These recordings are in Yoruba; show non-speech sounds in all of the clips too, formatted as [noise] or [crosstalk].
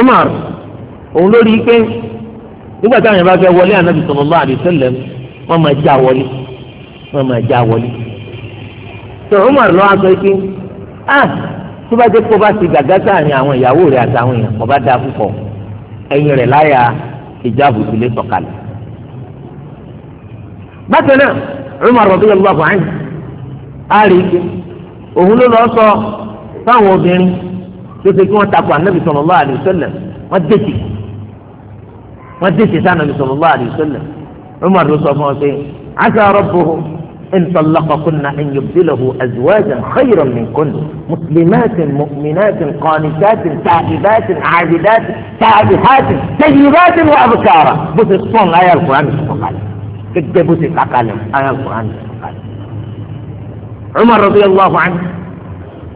Umar òun lórí pé nígbà táwọn yẹn bá fẹ́ wọlé ànábì sallallahu alaihi wasallam wọ́n máa já wọlé wọ́n máa já wọlé. tó Umar lọ wá sọ pé ah tó bá jẹ́ kó bá ti gàgá sáàrin àwọn ìyàwó rẹ̀ àtàwọn èèyàn kò bá dáa púpọ̀ ẹ̀yìn rẹ̀ láyà ìjáàbù ìdílé sọ̀kalẹ̀. bákan náà Umar radiyallahu anhu á rí i pé òun ló lọ sọ fáwọn obìnrin tó ṣe kí wọ́n ta ko ànábì sallallahu alaihi wasallam wọ́n dẹ̀sì wọ́n dẹ̀sì sí ànábì sallallahu alaihi wasallam Umar ló sọ fún wọn pé asa rabbuhu in talaqakunna an yubdilahu azwajan khayran minkunna muslimatin mu'minatin qanitatin ta'ibatin 'abidatin ta'ihatin tayyibatin wa abkara bó ṣe sọ̀n láyé al-Qur'an sọ̀kalẹ̀ gẹ́gẹ́ bó ṣe kàkàlẹ̀ láyé al-Qur'an sọ̀kalẹ̀ Umar radiyallahu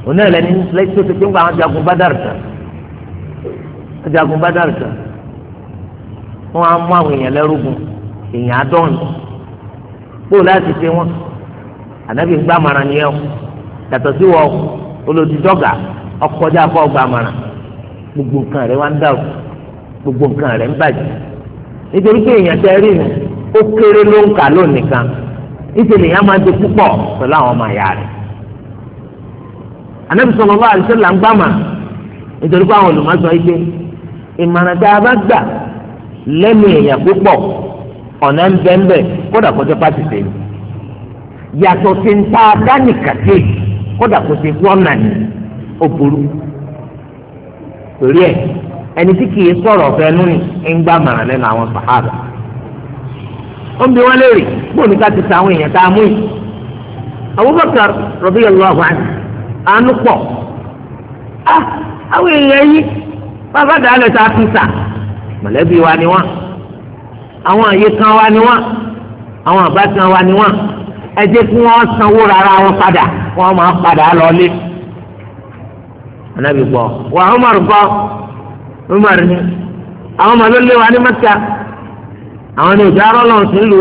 òun náà lẹni tó ti pín pa àwọn jagun bádàr kan jagun bádàr kan wọn á mú àwọn èèyàn lẹ́rúgun èèyàn àádọ́rin kó láti wọn ànábì ń gbàmàrà ni ẹ o yàtọ̀ sí wọ olódìdọ́gà ọkọjá kọ́ gbogbo nǹkan rẹ wá ń gbogbo nǹkan rẹ ń bàjẹ́ nítorí pé èèyàn tẹ rí ó kéré ló ń kà lónìí kan nítorí èèyàn máa ń di púpọ̀ pẹ̀lú àwọn ọmọ ìyá anabi sallallahu alaihi wasallam ń gbàmà nítorí pé àwọn olùmọ̀sọ yìí pé ìmọ̀ràn tá a bá gbà lẹ́nu èèyàn púpọ̀ ọ̀nà ń bẹ́ ń bẹ́ kódà kó jẹ́ pàṣẹ tèmi yàtọ̀ sí ń ta dánìkàtì kódà kó ti fún ọ̀nà ni ó burú torí ẹ ẹni tí kì í sọ̀rọ̀ ọ̀fẹ́ nù ni ń gbà màrà lẹ́nu àwọn sàhábà ó ń bi wọn léèrè bóun ní ká ti sa àwọn èèyàn tá a mú yìí Abubakar radiyallahu anhu àánú pọ̀ ah, àwọn èèyàn yìí bàbá dàálẹ̀ tá a mọ̀lẹ́bí wa ni wọ́n àwọn àyè kan wa ni wọ́n àwọn àbá kan wa ni wọ́n ẹ jẹ́ kí wọ́n sanwó rárá wọn padà wọ́n máa padà lọ́lé gbọ́ wà Umar gbọ́ Umar ni àwọn ọmọ ló wa ní àwọn ni òjò arọ́ lọ́run sí ìlú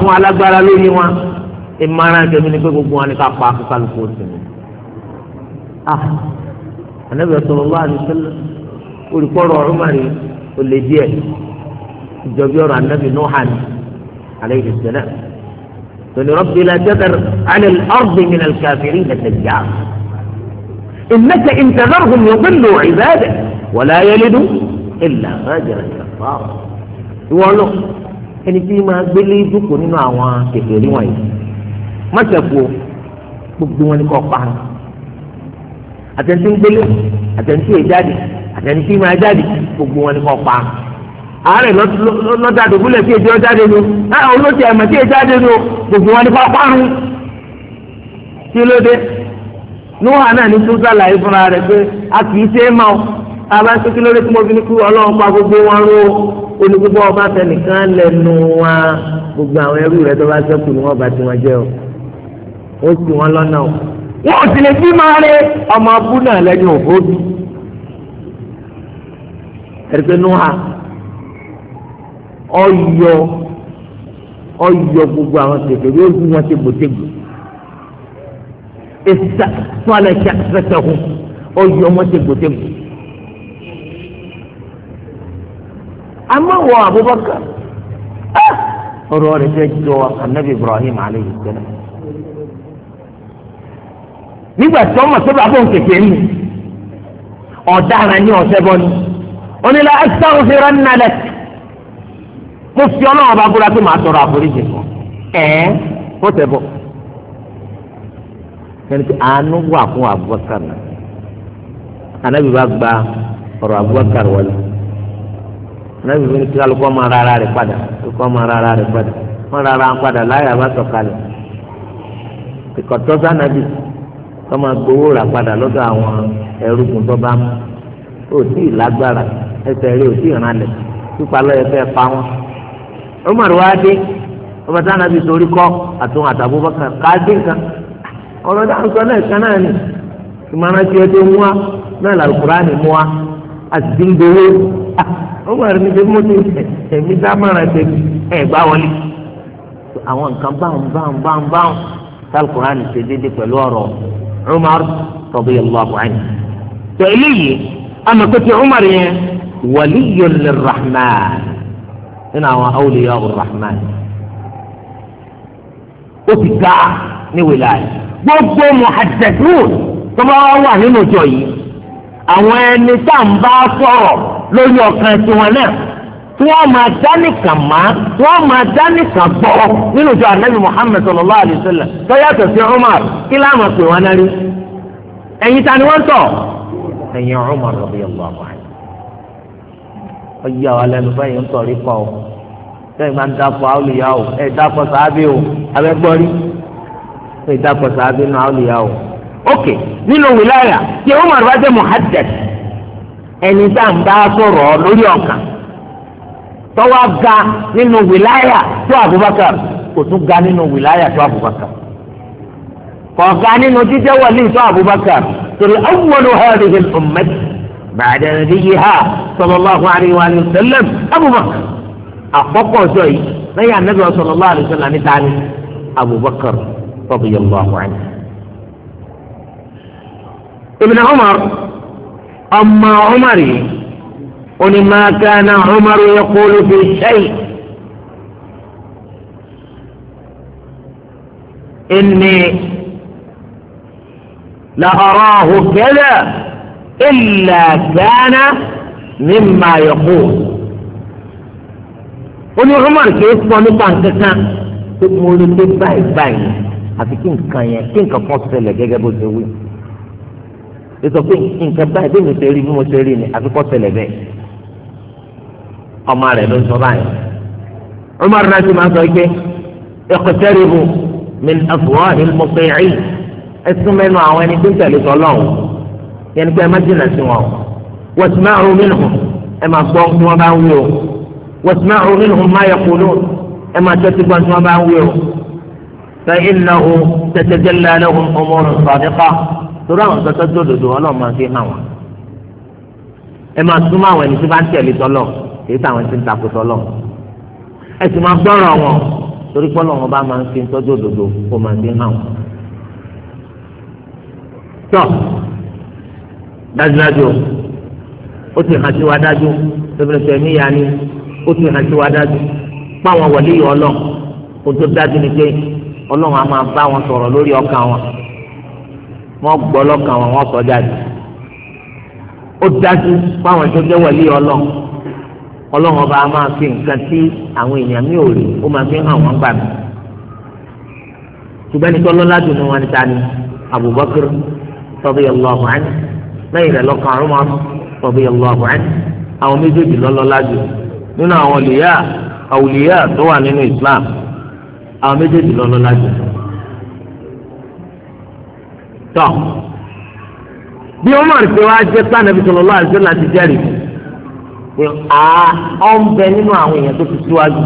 fún alágbára lórí wọn. ìmọ̀ràn tèmi ni pé gbogbo wọn ni ká pa kálukú sí mi. ànábì sallallahu alaihi wasallam olùkọ́rọ̀ ọ̀rọ̀mọ̀rì olè díẹ̀ ìjọba ọ̀rọ̀ ànábì Nuhan alayhi salam. tòní rabbi la tadhar ala al-ardi min al-kafirina dayyara. innaka in tadharhum yudillu ibadak wa la yalidu illa fajiran kaffara. ìwọ lọ ẹni tí máa dù dúkùú nínú àwọn kèfèrí wọ̀nyí. mọ́sẹ̀kù gbogbo wọn ni kò pa á àtẹ̀ntì ń gbélé àtẹ̀ntì èjáde àtẹ̀ntì máa jáde gbogbo wọn ni kò pa á àárẹ̀ lọ́dà dògúnlẹ̀ tí èdè ọ̀jáde ni olóòtú ẹ̀mọ̀ tí èjáde ni gbogbo wọn ni kò pa á kí ló dé níwọ̀n náà ní tún sàlàyé fúnra rẹ̀ pé a kì í ṣe é máa abá ń sókè lórí tí mo fi ní kú ọlọ́run pa gbogbo wọn ró onígbogbo ọba tẹnìkan lẹnu wa gbogbo àwọn ẹrú rẹ tó bá ṣẹ́kù ni wọ́n bá ti wọn jẹ́ o ó sì wọn lọ́nà o wọn ò sì lè bí máa rẹ ọmọ abú náà lẹ́yìn òbóbi ẹ̀rẹ́gbẹ́ nuha ọyọ ọyọ gbogbo àwọn tètè yóò bí wọn tẹgbòtẹgbò ìsà tọ́lẹ̀ ṣàkẹ́sẹ̀ hù ọyọ wọn tẹgbòtẹgbò. àmọ́ wọ Abubakar ah! ọ̀rọ̀ rẹ̀ fẹ́ jọ anabi Ibrahim aleyhi sẹ́lẹ̀ nígbà tí wọ́n mọ̀ pé bàbá òun kẹ̀kẹ́ nù ọ̀daràn ní ọ̀sẹ̀ bọ́ ni onílà ẹ̀sán òfìrán nàlẹ̀ mo fi ọlọ́run bá búra pé màá tọrọ àforíjì fún ẹ̀ ó tẹ̀ bọ̀ yẹn ti àánú wà fún Abubakar náà anabi bá gba ọ̀rọ̀ Abubakar wọlé anabi bí ní kíkálukọ́ máa rárá rẹ̀ padà kíkọ́ máa rárá rẹ̀ padà wọ́n rárá padà láyà bá sọ̀kalẹ̀ ìkọ̀tọ́ sànàbí kọ́ máa gbowó rà padà lọ́dọ̀ àwọn ẹrúkùn tó bá mú ó tí ì lágbára ẹsẹ̀ rí ó tí ì rànlẹ̀ pípa lọ́yẹ̀ fẹ́ pa wọn. Umar wa dé ọba tí anabi torí kọ́ àtúnwò àtàbúbọ̀kà káàdé nǹkan ọ̀rọ̀ náà ń sọ náà ẹ̀ka náà nì ìmọ̀ràn tí ẹ tó mú wa náà làlùkùránì mú wa àti ti ń gbowó ah, Umar ní bí mo ti ẹ̀mí dámọ̀ràn ẹ̀ gbá wọlé àwọn nǹkan báwọn báwọn báwọn عمر رضي الله عنه. eléyìí أما Umar yẹn ولي lirrahman nínú àwọn awliya ar-rahman ó ti ga ní wìláyà gbogbo muhadadun tó bá wà nínú ìjọ yìí àwọn ẹni tá à ń bá sọ̀rọ̀ lórí ọkàn tiwọn náà tí wọ́n máa dánìkan má wọ́n máa dánìkan gbọ́ nínú ìjọ anabi muhammed sallallahu alayhi wa sallam tọ́yàtọ̀ sí umar kí láàmú pè wọ́n náà rí ẹ̀yin ta ni wọ́n tọ̀ ẹ̀yin umar radiyallahu anhu ọjà wa lẹnu fẹ́yìn ń tọ̀rí kọ́ ọ sẹ́yìn máa ń dapọ̀ àwòlìyá o ẹ̀ dapọ̀ sàábì o abẹ́gbọ́rí ẹ̀ dapọ̀ sàábì nù àwòlìyá o. ok nínú wìláyà tí umar bá jẹ́ muhaddad ẹni tá à ń bá sọ̀rọ̀ lórí ọ̀kan tọ́wọ́ ga nínú wìláyà tó Abubakar kò tún ga nínú wìláyà tó Abubakar kò ga nínú jíjẹ́ wọlé tó Abubakar torí awọn awwalu hadhihi al-ummah ba'da nabiyyiha sallallahu àríwá ni sallam Abubakar àkọ́kọ́ ọjọ́ yìí lẹ́yìn anabi sallallahu alayhi wa sallam ní tani Abubakar tọ́bi yẹn radiyallahu anhu. Ibn Umar ọmọ ọmọ Umar yìí. oni ma kana Umar yaqulu fi shay inni la arahu kada illa kana mimma yaqul oni Umar kì í sọ nípa nǹkankan tó mo lè dé báyìí báyìí àfi kí nǹkan yẹn kí nǹkan kan ṣẹlẹ̀ gẹ́gẹ́ bó ṣe wí. ètò pé nǹkan báyìí bí mo ṣe rí bí mo ṣe rí ni àfi kọ́ ṣẹlẹ̀ bẹ́ẹ̀ ọmọ rẹ̀ ló ń sọ báyìí Umar náà ti máa sọ pé iqtaribu min afwahil muti'in ẹsùn mẹ́nu àwọn ẹni tó ń tẹ̀lé sọlọ́hún yẹn pé ẹ má jìnnà sí wọn wasma'u minhum ẹ máa gbọ́ tí wọ́n bá ń wí o wasma'u minhum ma yaqulun ẹ máa tẹ́tí gbọ́ tí wọ́n bá ń wí o fa innahu tatajalla lahum umurun sadiqah torí àwọn tọ́tọ́ tó dòdò ọlọ́run máa fi hàn wọ́n ẹ máa súnmọ́ àwọn ẹni tó bá ń tẹ̀lé sọlọ́hún èyí táwọn ti ń takò tọ́lọ̀ ẹ sì máa gbọ́rọ̀ wọn torí pé Ọlọ́run bá máa ń fi tọ́jú òdodo kó máa dín hàn. tọ́ dájúdájú ó ti hàn sí wa dájú Ibn Taymiyyah ni ó ti hàn sí wa dájú páwọn wọlé yìí ọlọ́ kó tó dájú ni pé Ọlọ́run á máa bá wọn sọ̀rọ̀ lórí ọkàn wọn wọ́n gbọ́ lọ́kàn wọn wọ́n sọ jáde ó dájú páwọn tó wọlé yìí ọlọ́run ọlọ́run ọba a máa fi nǹkan tí àwọn èèyàn mi ò rí ó máa fi hàn wọ́n gbà mí. ṣùgbọ́n ní tọ́lọ́ ládùn ní wọn níta ni Abubakar radiyallahu anhu lẹ́yìn rẹ̀ lọ́kàn Umar radiyallahu anhu àwọn méjèèjì lọ́lọ́ ládùn nínú àwọn olùyà àwùlíyà tó wà nínú Islam àwọn méjèèjì lọ́lọ́ ládùn. tọ́ bí Umar ṣe wá jẹ́ pé Ànábì sallallahu alaihi wasallam ti jẹ́rìí àá ah, ọ̀nbẹ nínú àwọn èèyàn tó ti síwájú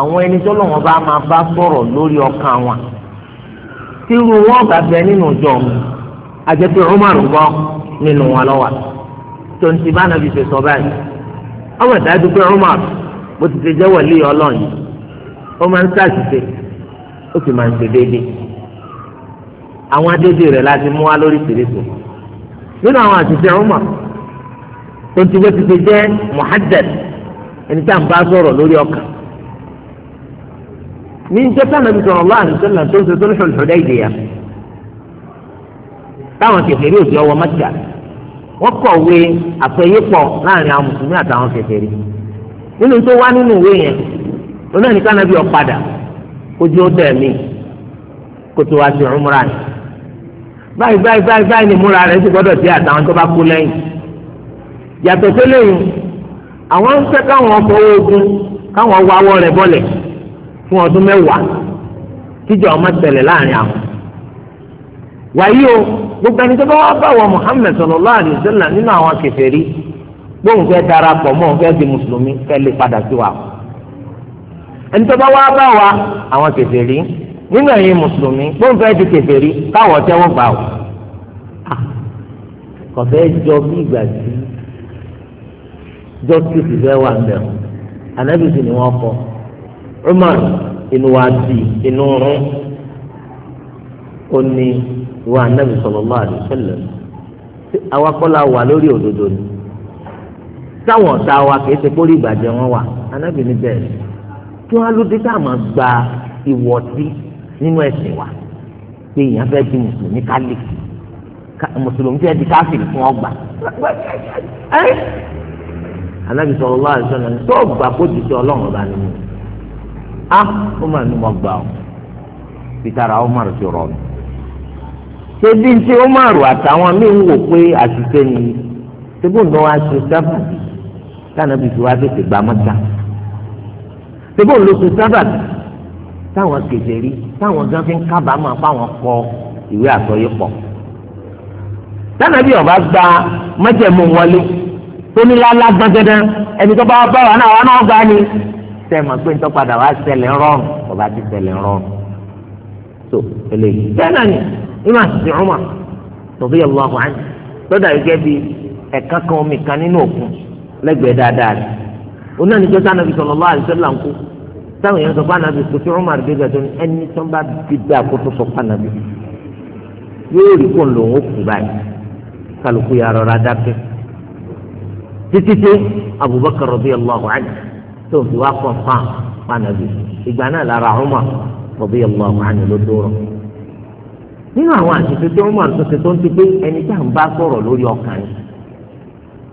àwọn ẹni tó lọ́wọ́ bá máa bá sọ̀rọ̀ lórí ọkàn wọn tí irú wọn bá bẹ nínú ìjọ mi àjẹpẹ Umar nínú wọn bá nàbí sọ báyìí ọmọ ìdájú pé bó ti ó máa ń ṣàṣìṣe ó sì máa ń ṣe déédéé àwọn adédè tó ti bó ti ṣe jẹ́ muhaddad ẹni tá à ń bá sọ̀rọ̀ lórí ọkàn ní jẹ́tà nàbí sallallahu alaihi wasallam tó ń ṣe Sulhul Hudaybiyah táwọn kèfèrí òsì ọwọ́ Mẹ́kà wọ́n kọ̀wé àfẹ́yẹ́pọ̀ láàrin àwọn mùsùlùmí àtàwọn kèfèrí nínú tó wá nínú ìwé yẹn oní ẹnì ọ̀padà ojú ó tẹ̀ mí kótó wá sí umrah báyìí báyìí báyìí báyìí ni múra rẹ̀ sì gbọ́dọ̀ sí àtàwọn tó bá kú lẹ́yìn. yàtọ̀ sẹ́lẹ̀yìn àwọn ń fẹ́ káwọn ogun káwọn wọ awọ rẹ̀ bọ́lẹ̀ fún ọdún mẹ́wàá kíjọ ọmọ tẹ̀lẹ̀ láàrin o gbogbo ẹni tó bá wá bá Muhammad sallallahu alaihi wasallam nínú àwọn kèfèrí gbóhùn fẹ́ darapọ̀ mọ́ fẹ́ di mùsùlùmí fẹ́ lè padà sí wa. ẹni tó bá wá bá wa àwọn nínú ẹ̀yin mùsùlùmí gbóhùn justice fẹ́ wà ńbẹ̀ o anabi sì ni wọ́n kọ́ Umar inú wa di inú rún ó ní ìwà anabi sallallahu alaihi wasallam àwa kọ́ la wà lórí òdodo ni táwọn ọ̀tá wa kìí ṣe kórìí ìbàjẹ́ wọn wà anabi ní bẹ́ẹ̀ kí wọ́n á lóde tá a máa gba ìwọ̀tí nínú ẹ̀sìn wa pé èèyàn fẹ́ di mùsùlùmí kálí mùsùlùmí fẹ́ di káfíìn fún ọgbà [laughs] anabi sọ̀rọ̀ wá àìsàn náà tó gbà kó ti sọ ọlọ́run ọba nínú a ó mà ní mo gbà ó pitara Umar ti rọ mi ṣébi tí Umar àtàwọn míì ń wò pé àṣìṣe ni ṣébù ní wàá ṣe sábàbí tànàbí tí wàá tètè gbà mọ́ta ṣébù ló ṣe sábàbí táwọn kèfèrí táwọn gan fi ń kábàámọ̀ fáwọn kọ ìwé àsọyépọ̀ tànàbí ọba gba májẹ̀mú wọlé tóníláàlá gbọ́ngẹ́dẹ́ ẹni tó bá wà báwa náà wà náà gbá ni sẹ́mọ̀ pé nítorí padà wá ṣẹlẹ̀ rọrùn ọba ti ṣẹlẹ̀ rọrùn tó eléyìí. bẹ́ẹ̀ náà ni ìmọ̀ àti ọmọ tòbí yẹ lọ́wọ́ àyìn lọ́dà yìí gẹ́gẹ́ bí ẹ̀ka kan omi kan nínú òkun lẹ́gbẹ̀ẹ́ dáadáa rẹ̀ òun náà ní pé sànàbí sallallahu alaihi wasallam ńkú táwọn èèyàn sọ pé ànàbí kò tí ọmọ àdúgbò gbẹdọ ní ẹni tó ń bá gbígbé àkótó sọ pé ànàbí yóò rí kó ń lòun ó kú báyìí kálukú yà rọra dákẹ́ títí tí Abubakar radiyallahu anhu tó fi wá kàn fún pànàbí ìgbà náà lára Umar radiyallahu anhu ló dúró. nínú àwọn àṣìṣe tó Umar tó ṣe tó ń ti pé ẹni tá à ń bá sọ̀rọ̀ lórí ọkàn yìí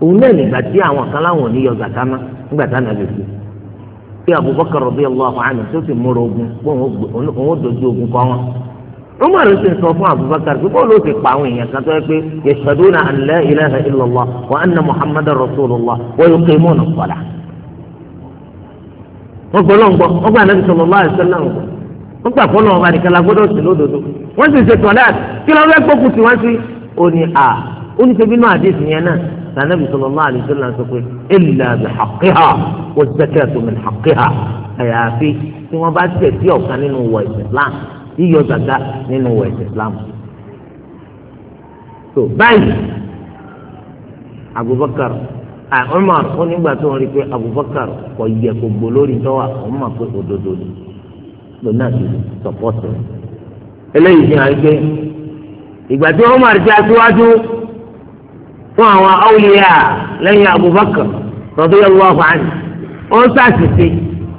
òun náà nígbà tí àwọn kan láwọn ò ní yọ nígbà tá fi Abubakar tó múra ogun òun dojú umar ṣe sọ fún abubakar pé bọ́ọ̀lù ó ti pa àwọn èèyàn kan tó yẹ pé yashhaduna an la ilaha illallah wa anna muhammadar rasulullah wa yuqimuna as-salah wọ́n gbọ́ lọ́ngbọ́ wọ́n gbà nàbì sallallahu alaihi wasallam wọ́n gbà fọ́lọ́ ọba nìkan la gbọ́dọ̀ sí lódodo wọ́n sì ṣe tọ́lá kí lọ́wọ́ gbókùn tí wọ́n sí ó à ó ní sẹ́bí àdéhùn yẹn náà sànàbì sallallahu alaihi wasallam sọ pé illa bi haqqiha wa zakatu min haqqiha àyàfi tí wọ́n bá tẹ̀ sí ọ̀kan nínú wọ̀ ìsìlámù yíyọ zàgá nínú wẹ̀sì islam So báyìí abubakar umar ó nígbà tó ń rí i pé abubakar kò yẹ kó gbó lórí tọ́wà umar pé òdodo ni lòun náà ti sọpọ́tì rẹ̀ eléyìí fi hàn pé ìgbà tí umar ti aṣíwájú fún àwọn awliya lẹ́yìn abubakar radiyallahu anhu ó ń sàṣìṣe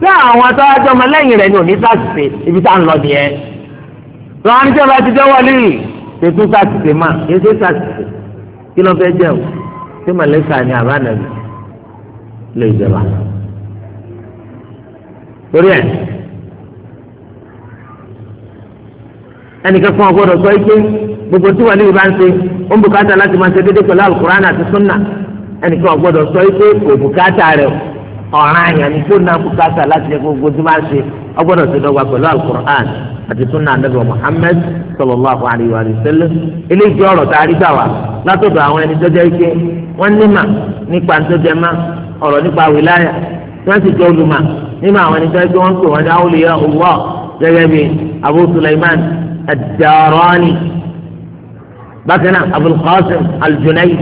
bí àwọn tọ́wájú ọmọ lẹ́yìn rẹ̀ ni ò ní sàṣìṣe ibi tá à ń lọ nìyẹn. lọ́wọ́ níjọ́ bá ti jẹ́ wọlé tètè sàtìsè mà tètè sàtìsè kí ló fẹ́ jẹ́ o ṣé màlẹ́kà ni àbánàbí lè jẹba torí ẹ ẹnìkan fún ọgbọdọ sọ ike gbogbo tí ba bá ń ṣe ó ń bùkátà láti máa ṣe déédéé pẹ̀lú alukur'an àti sunna ẹnìkan ọgbọdọ sọ ike kò bùkátà rẹ ọ̀ràn àyàn ní tó ná bùkátà láti ṣe gbogbo tí wàá ṣe ọgbọdọ àti sunna anabi muhammed sallallahu alayhi wa sallam eléyìí jẹ́ ọ̀rọ̀ tá a rí gbà wá látọ̀dọ̀ àwọn ẹni tó jẹ́ ike wọ́n nímà nípa tó jẹ má ọ̀rọ̀ nípa wìláyà wọ́n sì jẹ́ olùmọ̀ nímà àwọn ẹni tó jẹ́ wọ́n pè wọ́n dá awliya Allah gẹ́gẹ́ bí abu suleiman ad-darani bákan náà abul qasim al-junayd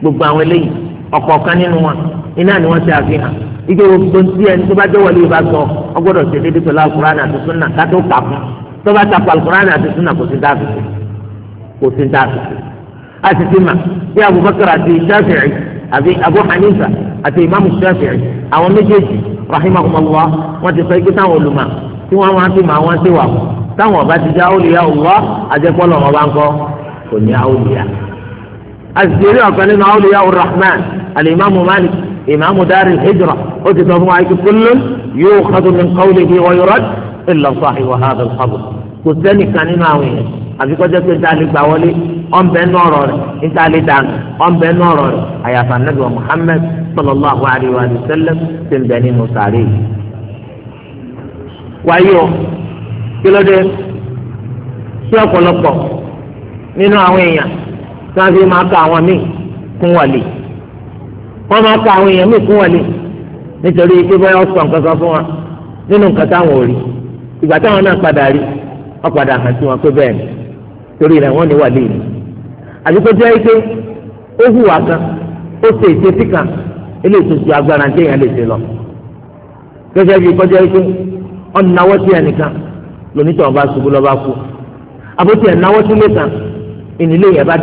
gbogbo àwọn eléyìí ọ̀kọ̀ọ̀kan nínú wọn iná ni wọ́n ti àfihàn ike gbogbo ntí ẹni tó bá jẹ́ wọlé ìbá sọ ọgbọ́dọ̀ ṣe déédéé pẹ̀lú alukur'an àti sunna kátó kà fún tó bá takò alukur'an àti sunna kò sí dáàbò kò sí dáàbò àti ti mà bí abubakar àti shafi'i àbí abu hanifa àti imaamu shafi'i àwọn méjèèjì rahimahumullah wọn ti sọ ike táwọn olùmọ̀ tí wọn wá sí mà wọn sí wà táwọn ọba ti jẹ awolíyá ọwọ àjẹpọlọ ọba ńkọ kò ní awolíyá àti ti rí nínú awolíyá ọrọ rahman alimami malik إمام دار الهجرة أتت معك كل يؤخذ من قوله ويرد إلا صاحب هذا الخبر والثاني كان إمامي àfikọ́ jẹ́ pé nta lè gbà wọlé ọ̀nbẹ nọ̀rọ̀ rẹ̀ nta lè dànù ọ̀nbẹ nọ̀rọ̀ rẹ̀ àyàfà nàbẹ̀ wa Muhammad sallallahu alayhi wa sallam ti ń bẹ nínú sàárè yìí. wáyé o kí ló dé sí ọ̀pọ̀lọpọ̀ nínú àwọn èèyàn tí wọ́n fi máa ka àwọn míì kún wọlé. wọ́n máa kọ àwọn èèyàn míì fún wọn ni nítorí pé báyọ̀ sọ nǹkan kan fún wọn nínú nǹkan táwọn ò rí ìgbà táwọn náà padà rí padà hàn sí wọn pé bẹ́ẹ̀ ni torí rẹ̀ wọ́n ní wà lẹ́yìn àti pé jẹ́ pé ó hùwà kan ó ṣe ìṣesí kan eléyìí tó ju agbára ń téèyàn lè ṣe lọ gẹ́gẹ́ bí kọjá pé ẹnìkan bá ṣubú lọ́ba kú ìnílé yẹn bá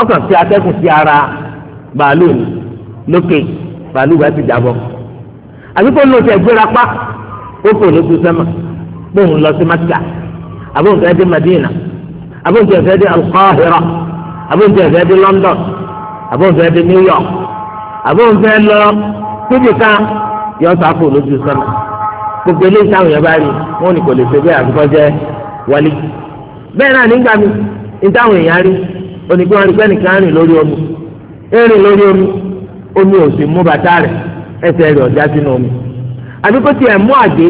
ọkàn fi atẹ́kùn sí ara bàálù ni lókè bàálù bá ti jábọ́ àbí kó lóṣù ẹgbẹ́ra pa ó fò lójú sẹ́mà bóun lọ sí Mẹ́kà àbóun fẹ́ Madina àbóun tẹ̀ fẹ́ dé Al-Qahira àbóun tẹ̀ London àbóun fẹ́ New York àbóun fẹ́ lọ síbi kan yọ sáfò lójú sẹ́mà gbogbo eléyìí táwọn yẹn bá rí wọn ni kò lè ṣe bẹ́ẹ̀ àbíkọ́ jẹ́ bẹ́ẹ̀ náà nígbà mi ní táwọn èèyàn rí onígbọ́n arígbẹ́ nke rìn lórí omi lórí omi omi ò sì mú bàtà rẹ̀ ẹsẹ̀ rẹ̀ ọ̀já sínú omi àbí kó tiẹ̀ mú àgé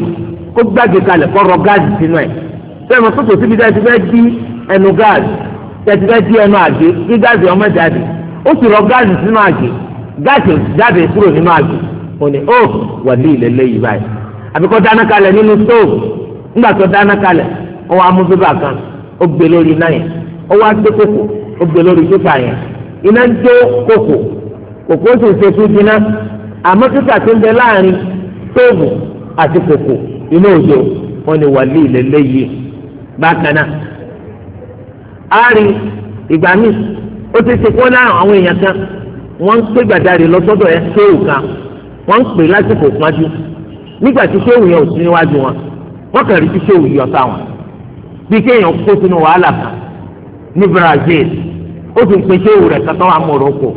kó gbàgé kalẹ̀ kó rọ gáàsì sínú ẹ̀ bẹ́ẹ̀ mo kótó síbi tẹ́tí fẹ́ di ẹnu gáàsì tẹ́tí fẹ́ di ẹnu àgé kí gáàsì ọmọ jáde ó sì rọ gáàsì sínú àgé gáàsì jáde kúrò nínú àgé ó ní ó wà ní ilẹ̀ báyìí àbí kó dáná kalẹ̀ nínú stóòfù nígbà tó dáná kalẹ̀ kan ó gbé lórí ó gbé lórí pípa yẹn iná ń jó kòkò kòkó sì ṣe tún jiná àmọ́ kíkà tó ń bẹ láàrin tóògùn àti kòkò iná òjò wọn ni wàlí ìlẹ́lẹ́ yìí bákan náà a rí ìgbà míì ó ti ṣe kó náà àwọn èèyàn kan wọ́n ń pè gbàdáre lọ́sọ́dọ̀ ẹ̀ séwù kan wọ́n ń pè lásìkò pọ́njú nígbà tí séwù yẹn ò sí níwájú wọn wọ́n kàn rí tí séwù yọ sáwọn bí kéèyàn kó sínú wàhálà kan ní Brazil ó sì ń pe ṣéwù rẹ̀ kan tó wà Morocco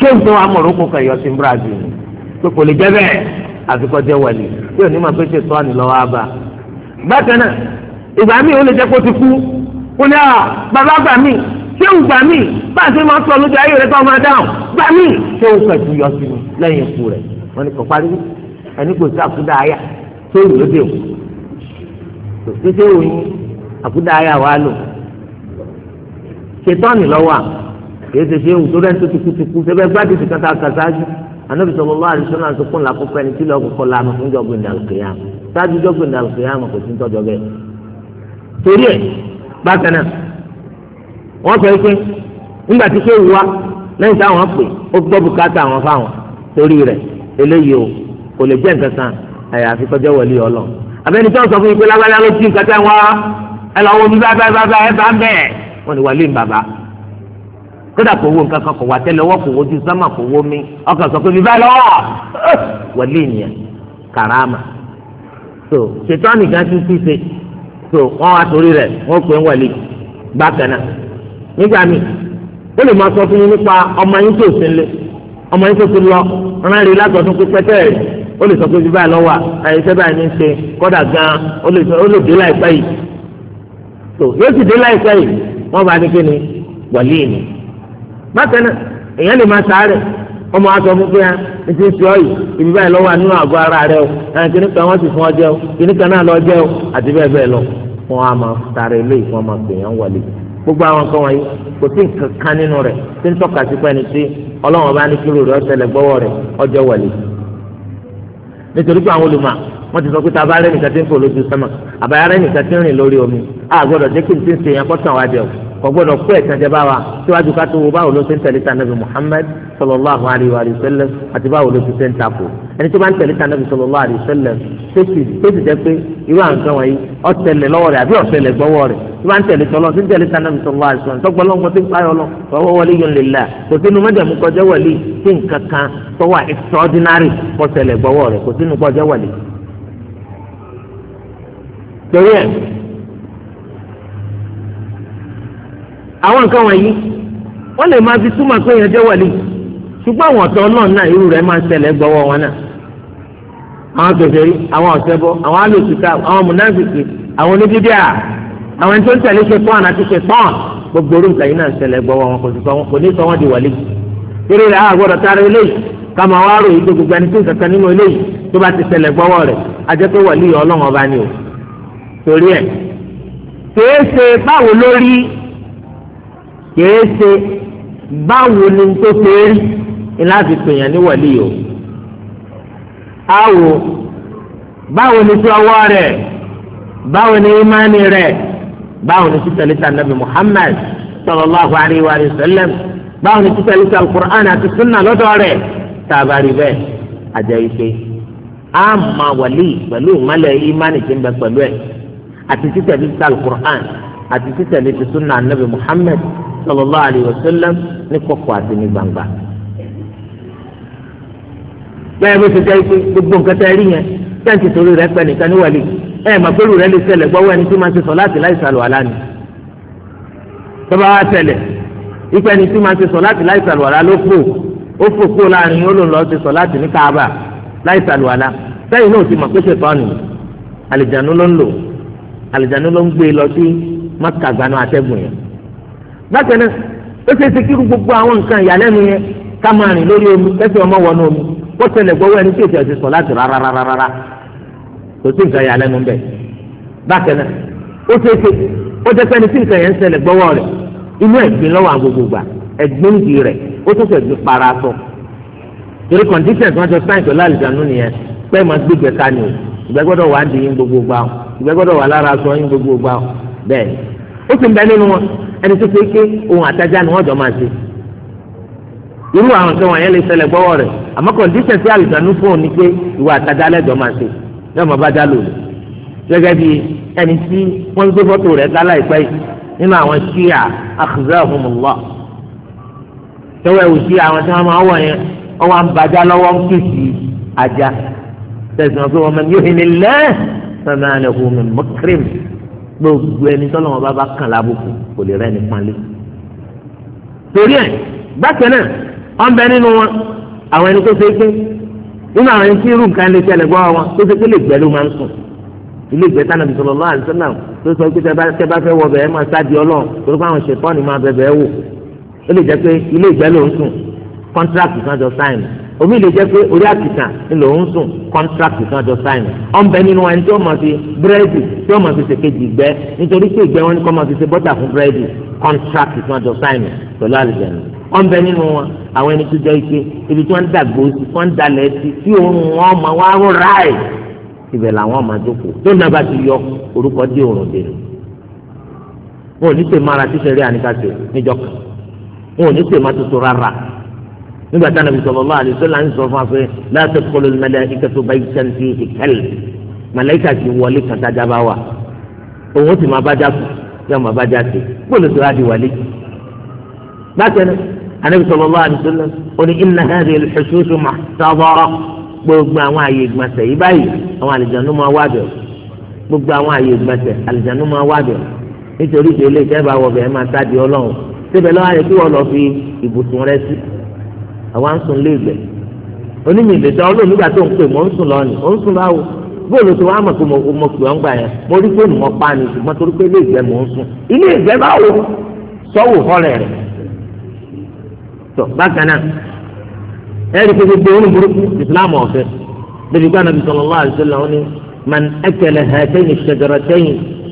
ṣéwù tó wà Morocco kan yọ sí Brazil pé kò lè jẹ́ bẹ́ẹ̀ àfikọ́ jẹ́ wẹ̀lì tí ò ní máa pé ṣe tọ́ àní lọ́wọ́ àbá. bákan náà ìgbà míì ó lè jẹ́ kó ti kú ó ní à ah, bàbá gbà mí ṣéwù gbà mí báàsì máa sọ lójú ayé rẹ̀ tó máa dáhùn gbà mí ṣéwù kan ti yọ sí mi lẹ́yìn ikú rẹ̀ wọ́n ní kò parí ẹni kò sí àkúdà àyà ṣéwù ló o kò sí ṣéwù yín àkúdà àyà wà lò ṣètọ́nì lọ́wọ́ à kìí ṣe ṣe òun tó rẹ́ tó tukutuku ṣe bẹ́ẹ̀ gbádùn ti kàtà kàṣáájú anabi sallallahu alaihi wasallam àtúkùn làkúkọ ẹni tí lọ kọkọ lanu fún jọgbìn dàlùkìyà ṣáájú jọgbìn dàlùkìyà mọ kò sí ń tọjọ bẹ́ẹ̀. torí ẹ bákan náà wọn sọ pé nígbà tí kéwù wa lẹ́yìn táwọn pè ó gbọ́ bùkátà àwọn fáwọn torí rẹ eléyìí o kò lè jẹ nǹkan kan àyàfi wọn ni wàlíì bàbá kódà kò wo nǹkan kan kò wà tẹ́lẹ̀ wọ́n kò wojú sámà kò wo mi ọkàn sọ pé bíbá lọ́wọ́ wàlíì nìyẹn kàràmà so ṣètò ànìkan ti ṣíṣe so wọ́n wá torí rẹ̀ wọ́n pè ń wàlíì bákan náà nígbà míì ó lè máa sọ fún yín nípa ọmọ yín tó sí ń lé ọmọ yín tó ti lọ ọ̀nà rí látọ̀tún pípẹ́ tẹ́ẹ̀rì ó lè sọ pé bíbá lọ́wọ́ àyè iṣẹ́ báyìí ní í ṣe kọ́dà gan-an ó lè dé láìpẹ́ yìí tó yóò sì dé láìpẹ́ yìí wọ́n bá ní kíni wọlé ni. bákan náà èèyàn lè máa sáré ọmọ aṣọ fúnfún ah, ya ní ti ń sọ yìí ibi báyìí lọ́wọ́ nínú àgọ́ ara rẹ o ẹn ah, kíní kan wọ́n sì fún ọ jẹ́ o kíní kan náà lọ jẹ́ o àti bẹ́ẹ̀ bẹ́ẹ̀ lọ. wọ́n á máa sáré lé ìfọ́n máa pè yàn wọlé gbogbo àwọn nǹkan wọ̀nyí kò sí nǹkan kan nínú rẹ̀ tí ń tọ́ka sí pẹ́ni tí ọlọ́wọ́n bá ní kíló rẹ̀ ọ̀sẹ̀ lẹ̀ gbọ́wọ́ rẹ̀ ọjọ́ wọlé. nítorí pé àwọn olùmọ̀ wọ́n ti sọ pé tàbá rẹ̀ nìkan ti ń fò lójú sánmà àbáyá rẹ̀ nìkan ti ń rìn lórí omi a gbọ́dọ̀ jẹ́ kí n ti ń sèyàn kọ́tàn wá jẹ́ o kò gbọ́dọ̀ kó ẹ̀tàn bá wa síwájú ká tó wo báwo ló ṣe ń tẹ̀lé tànàbí Muhammad sallallahu alayhi wa sallam àti báwo ló ti ṣe ń takò ẹni tó bá ń tẹ̀lé tànàbí sallallahu alayhi wa sallam tó ti jẹ́ pé irú àwọn nǹkan wọ̀nyí ọ̀tẹ̀lẹ̀ lọ́wọ́ rẹ̀ àbí ọ̀tẹ̀lẹ̀ gbọ́wọ́ rẹ̀ tó bá ń tẹ̀lé tọ́lọ́ tó ń tẹ̀lé tànàbí sallallahu alayhi wa sallam tọ́gbọ́n lọ́wọ́ tó ń payọ́ lọ wọ́wọ́ wọlé yẹn lè torí ẹ àwọn nǹkan wọ̀nyí wọ́n lè máa fi túmọ̀ pé èèyàn jẹ́ wàlí ṣùgbọ́n àwọn ọ̀tọ̀ náà náà irú rẹ̀ máa ṣẹlẹ̀ gbọ́wọ́ wọn náà àwọn kèfèrí àwọn ọ̀sẹ́bọ àwọn alòsùkà àwọn mùnáfìkì àwọn oníbíbíà àwọn tó ń tẹ̀lé àti ṣe pọ́n gbogbo nǹkan yìí náà gbọ́wọ́ wọn kò ní sọ torí ẹ̀ kìí ṣe báwo ló rí kìí ṣe báwo ni tó ṣe rí ni láti pèèyàn ní wàlí o àwò báwo ni tí ọwọ́ rẹ̀ báwo ni ìmánì rẹ̀ báwo ni títẹ̀lé ta nàbì Muhammad sallallahu alayhi wa sallam báwo ni títẹ̀lé ta alukur'an àti sunna lọ́dọ̀ rẹ̀ tàbárí bẹ́ẹ̀ àjẹ́ ìpè á máa wàlí pẹ̀lú ìmọ̀lẹ̀ ìmánì tí ń bẹ pẹ̀lú ẹ̀ àti títẹ̀lé ti alukur'an àti títẹ̀lé ti sunna anabi muhammed sallallahu alayhi wa sallam ní kọ̀kọ̀ àti ní gbangba. bẹ́ẹ̀ bó ti jẹ́ pé gbogbo nǹkan tẹ́ rí yẹn tẹ́ǹtì torí rẹ pẹ́ nìkan ní wàlẹ́ ẹ̀ mà pẹ́lú rẹ lè ṣẹlẹ̀ gbọ́wọ́ ẹni tí máa ṣe sọ láti láì ṣàlùwàlá ni. tọ́ba wa ṣẹlẹ̀ ipa ẹni tí máa ṣe sọ láti láì ṣàlùwàlá ló fò ó fò kúrò láàrin ó ló lọ ṣe sọ láti ní káàbà láì ṣàlùwàlá sẹ́yìn náà ti mọ̀ pé ṣètọ́ àlìjánu ló ń gbé e lọ sí maka gbaná atẹ́gùn yẹn bákan náà ó ṣe é ṣe kíru gbogbo àwọn nǹkan ìyàlẹ́nu yẹn ká máa rìn lórí omi kẹsì ọmọ wọnú omi kó ṣẹlẹ̀ gbọ́wọ́ ẹni tí èsì ọ̀sẹ̀ sọ láti rárárárá kò sí nǹkan ìyàlẹ́nu bẹ́ẹ̀ bákan náà ó ṣe é ṣe ó jẹ́ pẹ́ni tí nǹkan yẹn ń ṣẹlẹ̀ gbọ́wọ́ rẹ̀ inú ẹ̀gbin lọ́wọ́ àwọn gbogbo gbà ẹ̀gbin ń di rẹ̀ ó tún fẹ̀ gbin para sọ torí conditions wọn jọ sáyẹn pẹ̀lú àlìjánu nìyẹn pẹ́ẹ́ máa gbígbẹ́ ká ni o ìgbẹ́ gbọ́dọ̀ wà á di yín gbogbo gbà wọn ìgbẹ́ gbọ́dọ̀ wà lára aṣọ yín gbogbo gbà ọ́ bẹ́ẹ̀ ó sì ń bẹ nínú wọn ẹni tó ṣe pé ohun àtajà ni wọ́n jọ máa ṣe irú àwọn nǹkan wọ̀nyẹn lè ṣẹlẹ̀ gbọ́wọ́ rẹ̀ àmọ́ kọ̀ǹdíṣẹ̀ sí àlùdánù fóun ni pé ìwà àtajà lẹ́jọ́ máa ṣe yóò máa bá já lò gẹ́gẹ́ bí ẹni tí wọ́n gbé fọ́tò rẹ̀ ká láìpẹ́ nínú àwọn ṣíà akhzahumullah tọ́wọ́ ẹ̀wù ṣíà àwọn tí wọ́n máa ń bàjá فما له من مكرم gbogbo ẹni tọ́lọ́ wọn bá bá kàn lábùkù kò lè rẹ́ni panlé torí ẹ bákan náà wọn bẹ nínú wọn àwọn ẹni tó ṣe pé nínú àwọn ẹni tí irú nǹkan lè ṣẹlẹ̀ gbọ́ wọn tó ṣe pé lè gbẹ ló máa ń sùn ilé ìgbẹ́ tánàbí sọ̀rọ̀ lọ́wọ́ àdìsọ́nà tó sọ pé tẹ bá fẹ́ wọ bẹ̀ẹ́ máa sáàdì ọlọ́run torí pé àwọn ṣètọ́ni máa bẹ̀ bẹ́ẹ̀ wò ó lè jẹ́ pé ilé ìgbẹ́ ló ń sùn kọ́ńtíráàkì kan jọ sáìnì omi lè jẹ́ pé orí àkìtàn ńlò ń sùn kọ́ńtrákì kan jọ sáìnì ọ̀nbẹ nínú ẹni tí ó máa fi búrẹ́dì tí ó máa fi ṣèkejì ìgbẹ́ nítorí pé ìgbẹ́ wọn ni kò máa fi ṣe bọ́tà fún búrẹ́dì kọ́ńtrákì kan jọ sáìnì pẹ̀lú àlùjẹ̀nu ọ̀nbẹ nínú wọn àwọn ẹni tó jẹ́ ike ibi tí wọ́n ń dàgbò sí tí wọ́n dalẹ̀ sí tí òun wọn máa wá rú ráì ibẹ̀ làwọn máa jókòó tó náà ti yọ orúkọ dé òrùn nígbà tí anabi sallallahu alaihi wasallam ń sọ fún wa pé la tadkhulul malaikatu baytan fihi kalb màláìka kì í wọlé kàtàjà bá wà òun ó sì máa bá já kù yóò máa bá já sí gbọ́dọ̀ tó láti wọlé. bákan anabi sallallahu alaihi wasallam ó ní inna hadhihi al-hushushu muhtadara gbogbo àwọn àyè ìgbọ̀nsẹ̀ yìí báyìí àwọn àlìjánu máa wá bẹ̀ gbogbo àwọn àyè ìgbọ̀nsẹ̀ àlìjánu máa wá bẹ̀ nítorí ìdílé ìjẹba wọbẹ máa sáà di Ọlọ́run síbẹ̀ lọ́wọ́ àyè kí wọ́n lọ fi ìbùsùn rẹ sí àwa ń sùn léègbé onímìlẹ̀dá olóòmù nígbà tó ń pè mọ́ ń sùn lọ́ọ̀nì ó ń sùn báwo bóòlù tó wá mọ̀ pé mo pè ọ́n gbà yẹn mo rí fóònù mọ́ pa ni ṣùgbọ́n torí pé léègbé mò ń sùn ilé ìgbé báwo sọ́wọ́ fọ́lẹ̀ rẹ̀ tó bákan náà ẹ̀rí pé gbogbo orin burúkú islam ọ̀fẹ́ bẹ́ẹ̀ni gbọ́dọ̀ bí sallallahu alaihi wasallam ni man akala hatayni shajaratayn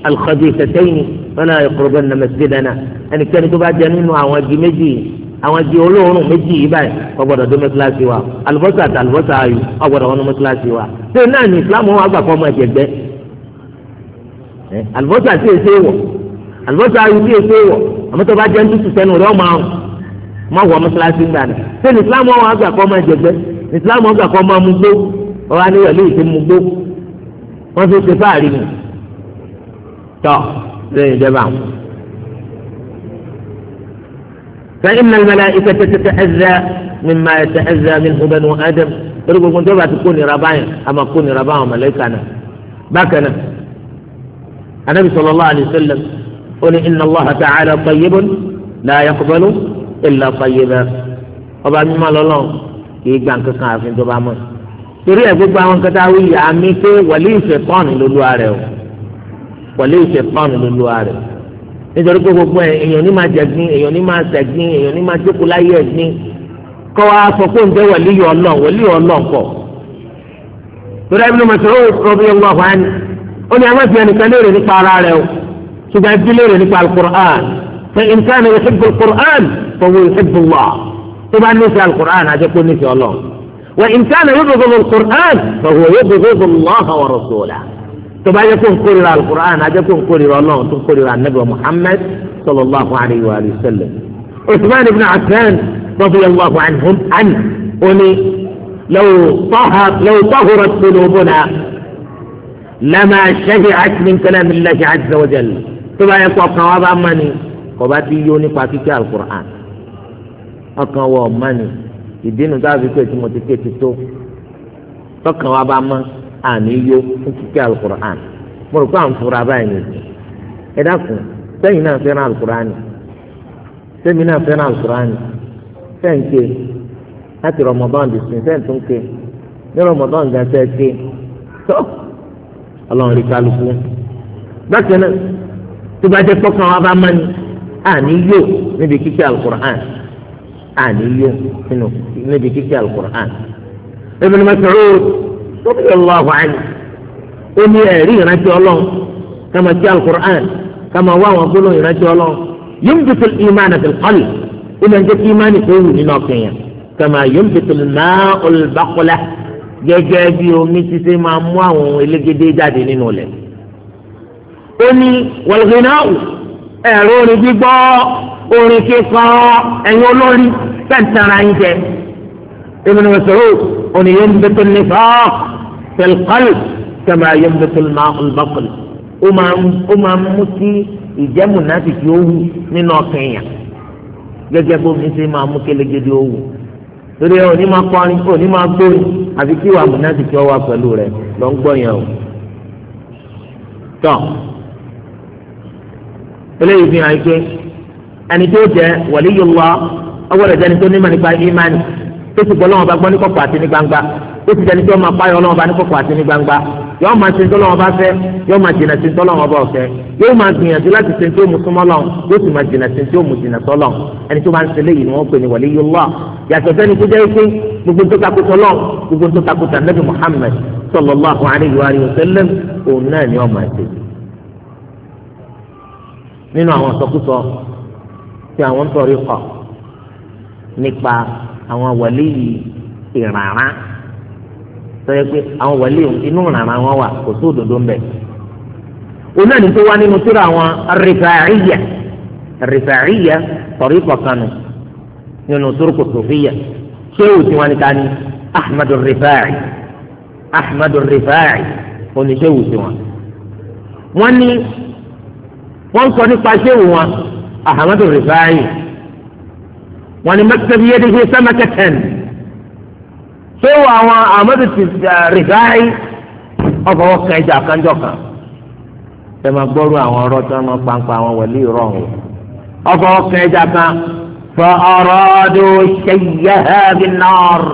alkhabithatayn fala yaqrubanna masjidana ẹnikẹ́ni tó bá jẹ nínú àwọn igi méjì yìí àwọn igi olóòórùn méjì yìí báyìí ọgbọ́dọ̀ dé mẹsàlásì wa àlùbọ́sà àti àlùbọ́sà ayò ọgbọ́dọ̀ wọn ní mẹsàlásì wa ṣé náà ní islam wọn àgbà fọmọ ẹ̀jẹ̀ gbẹ àlùbọ́sà sí èsè wọ àlùbọ́sà ayò sí èsè wọ àmọ́ tó bá jẹ́ ńtútù sẹ́nu rẹ̀ ọmọ àwọn má wọ mẹsàlásì gbà ní ṣé ní islam wọn àgbà fọmọ ẹ̀jẹ̀ gbẹ ní islam wọn àgbà fọmọ mu ọba ní ìrọ̀lẹ́ ìṣe mu wọ́n fi ṣe fáàrí mi tọ́ lẹ́yìn ìjọba àwọn. فإن الملائكة تتأذى مما يتأذى منه بنو آدم ربما كنت تكون ربايا أما كوني ربايا ملائكة أنا بكنا النبي صلى الله عليه وسلم قل إن الله تعالى طيب لا يقبل إلا طيبا ọba mímọ́ lọ́lọ́run kìí gbà kankan àfin tó bá mọ̀ torí ẹ̀ gbogbo àwọn kẹta wí àmì pé wọlé ìṣẹ̀tọ́ọ̀nù lólu ààrẹ o wọlé ìṣẹ̀tọ́ọ̀nù lólu ààrẹ o nítorí pé gbogbo èèyàn ní máa jẹ̀gbin èèyàn ní máa ṣẹ̀gbin èèyàn ní máa jókòó láyé ẹ̀gbin kọ́ wa sọ pé ǹjẹ́ wẹ̀lí yọ ọlọ́ọ̀ wẹ̀lí yọ ọlọ́ọ̀ kọ̀. torí ẹbí ló mọ̀ sọ́wọ́ rọ́bì ọgbà wá ní ó ní amáfi ẹnìkan léèrè nípa ara rẹ o ṣùgbọ́n ẹbí léèrè nípa alukur'an pé nǹkan ni ìṣègùn alukur'an fọwọ́ ìṣègùn wà tó bá nífẹ̀ẹ́ alukur'an àti kó nífẹ̀ẹ́ ọlọ́ọ̀ wẹ̀ nǹkan ni yóò tó bá yẹ kó ń kórira alukur'an á jẹ́ kó ń kórira ọlọ́run tó ń kórira anabi muhammed sallallahu alayhi wa sallam usman ibn affan radiyallahu anhum an oni law tahurat qulubuna lama shabi'at min kalam allah azza wa jalla tó bá yẹ kó ọkàn wa bá mọ́ ni kò bá ti yó nípa kíkẹ́ alukur'an ọkàn wa ọ̀ ìdí nu táwọn fi pé tí mo ti ké tó tọkàn wa bá mọ́ àní yó fún kíkẹ́ alukur'an mo rò pé à ń fura báyìí nìyí ẹ dákun sẹ́yìn náà fẹ́ràn alukur'an sẹ́yìn náà fẹ́ràn alukur'an sẹ́yìn ké láti rọmọdán di sin sẹ́yìn tó ń ké ní rọmọdán gan sẹ́yìn ké tó ọlọ́run rí kálukú bákan náà tó bá jẹ́ pọ́kàn wa bá mọ́ni àní yó níbi kíkẹ́ alukur'an àní níbi kíkẹ́ alukur'an Ibn Mas'ud lọ́kùnrin ọlọ́wọ́ àná ó ní ẹ̀rí ìrántí ọlọ́run kama sí alukur'an kama wá àwọn gbólóhùn ìrántí ọlọ́run yombitul imaana fil qalbi ó lè jẹ́ kí imaani kò wù nínú ọkàn yẹn kama yombitul náà olùbákọ́lá gẹ́gẹ́ bí omi ti ṣe máa mú àwọn elégédé jáde nínú ilẹ̀ ó ní wàlúùnáwù ẹ̀rọ orin gbígbọ́ orin kíkọ ẹ̀yin olórí fẹ́ǹtara yín jẹ ìmìnira sọ̀rọ̀ ònìyẹn ń bẹ́tọ̀ nífọ̀ọ́ fẹlkọl kẹmà yẹmùtẹlẹ máa ń bọkọl ó máa ń mú kí ìjẹmù náà ti fi owó nínú ọkàn yẹn gẹ́gẹ́ bó mi ṣe máa mú kélégédé owó torí ẹ òní máa kọrin òní máa gbóni àfi kí ìwà múnádìkì ọwà pẹ̀lú rẹ lọ ń gbọ́ yẹn o tọ eléyìí fi hàn pé ẹni tó jẹ wàlíyìí lọ ọwọ́ rẹ̀ jẹ́ni tó nímọ̀ nípa ìmánì tó sì gbọ́ lọ́wọ́ bá gbọ́ ní kọ̀kọ̀ àti ní gbangba ó ti dẹni tí wọ́n máa pààyàn ọlọ́wọ́n bá ní kókó àti ní gbangba yóò máa ṣe tó lọ́wọ́ bá fẹ́ yóò máa jìnà sí tó lọ́wọ́ bá ọ̀fẹ́ yóò máa gbìyànjú láti ṣe tó mu súnmọ́ lọ́n yóò sì máa jìnà sí tó mu jìnà sọ́lọ́n ẹni tó bá ń ṣẹlẹ̀ yìí ni wọ́n pè ní waliyullah yàtọ̀ sẹ́ni tó jẹ́ pé gbogbo tó takùtà lọ́n gbogbo tó takùtà nabi Muhammad sallallahu alayhi ìràrá sọ pé àwọn wàlíì inú ràrà wọn wà kò sí òdodo ń bẹ. òun náà ní tó wá nínú tírà àwọn rìfàáyà rìfàáyà sọ̀rọ̀ ìkọ̀kanu nínú turuku sofiya ṣéwù tí wọ́n ní ká ní ahmadu rìfàáyì ahmadu rìfàáyì oníṣéwù tí wọ́n. wọ́n ní wọ́n sọ nípa ṣéwù wọn ahmadu rìfàáyì wọ́n ní mẹ́tẹ́bí yẹ́dẹ́gbẹ́ sámákẹ́tẹ́ni. pé àwọn Ahmadu Rifai ọkọ̀ wọn kàn jà kánjọ kan ẹ máa gbọ́rú àwọn ọ̀rọ̀ tí wọ́n máa pàǹpà àwọn wẹ̀lí ìrọ̀ ọ̀hún ọkọ̀ wọn kàn jà kan fọ ọ̀rọ̀ ọdún ṣẹyẹhẹ́bí nọ́ọ̀rù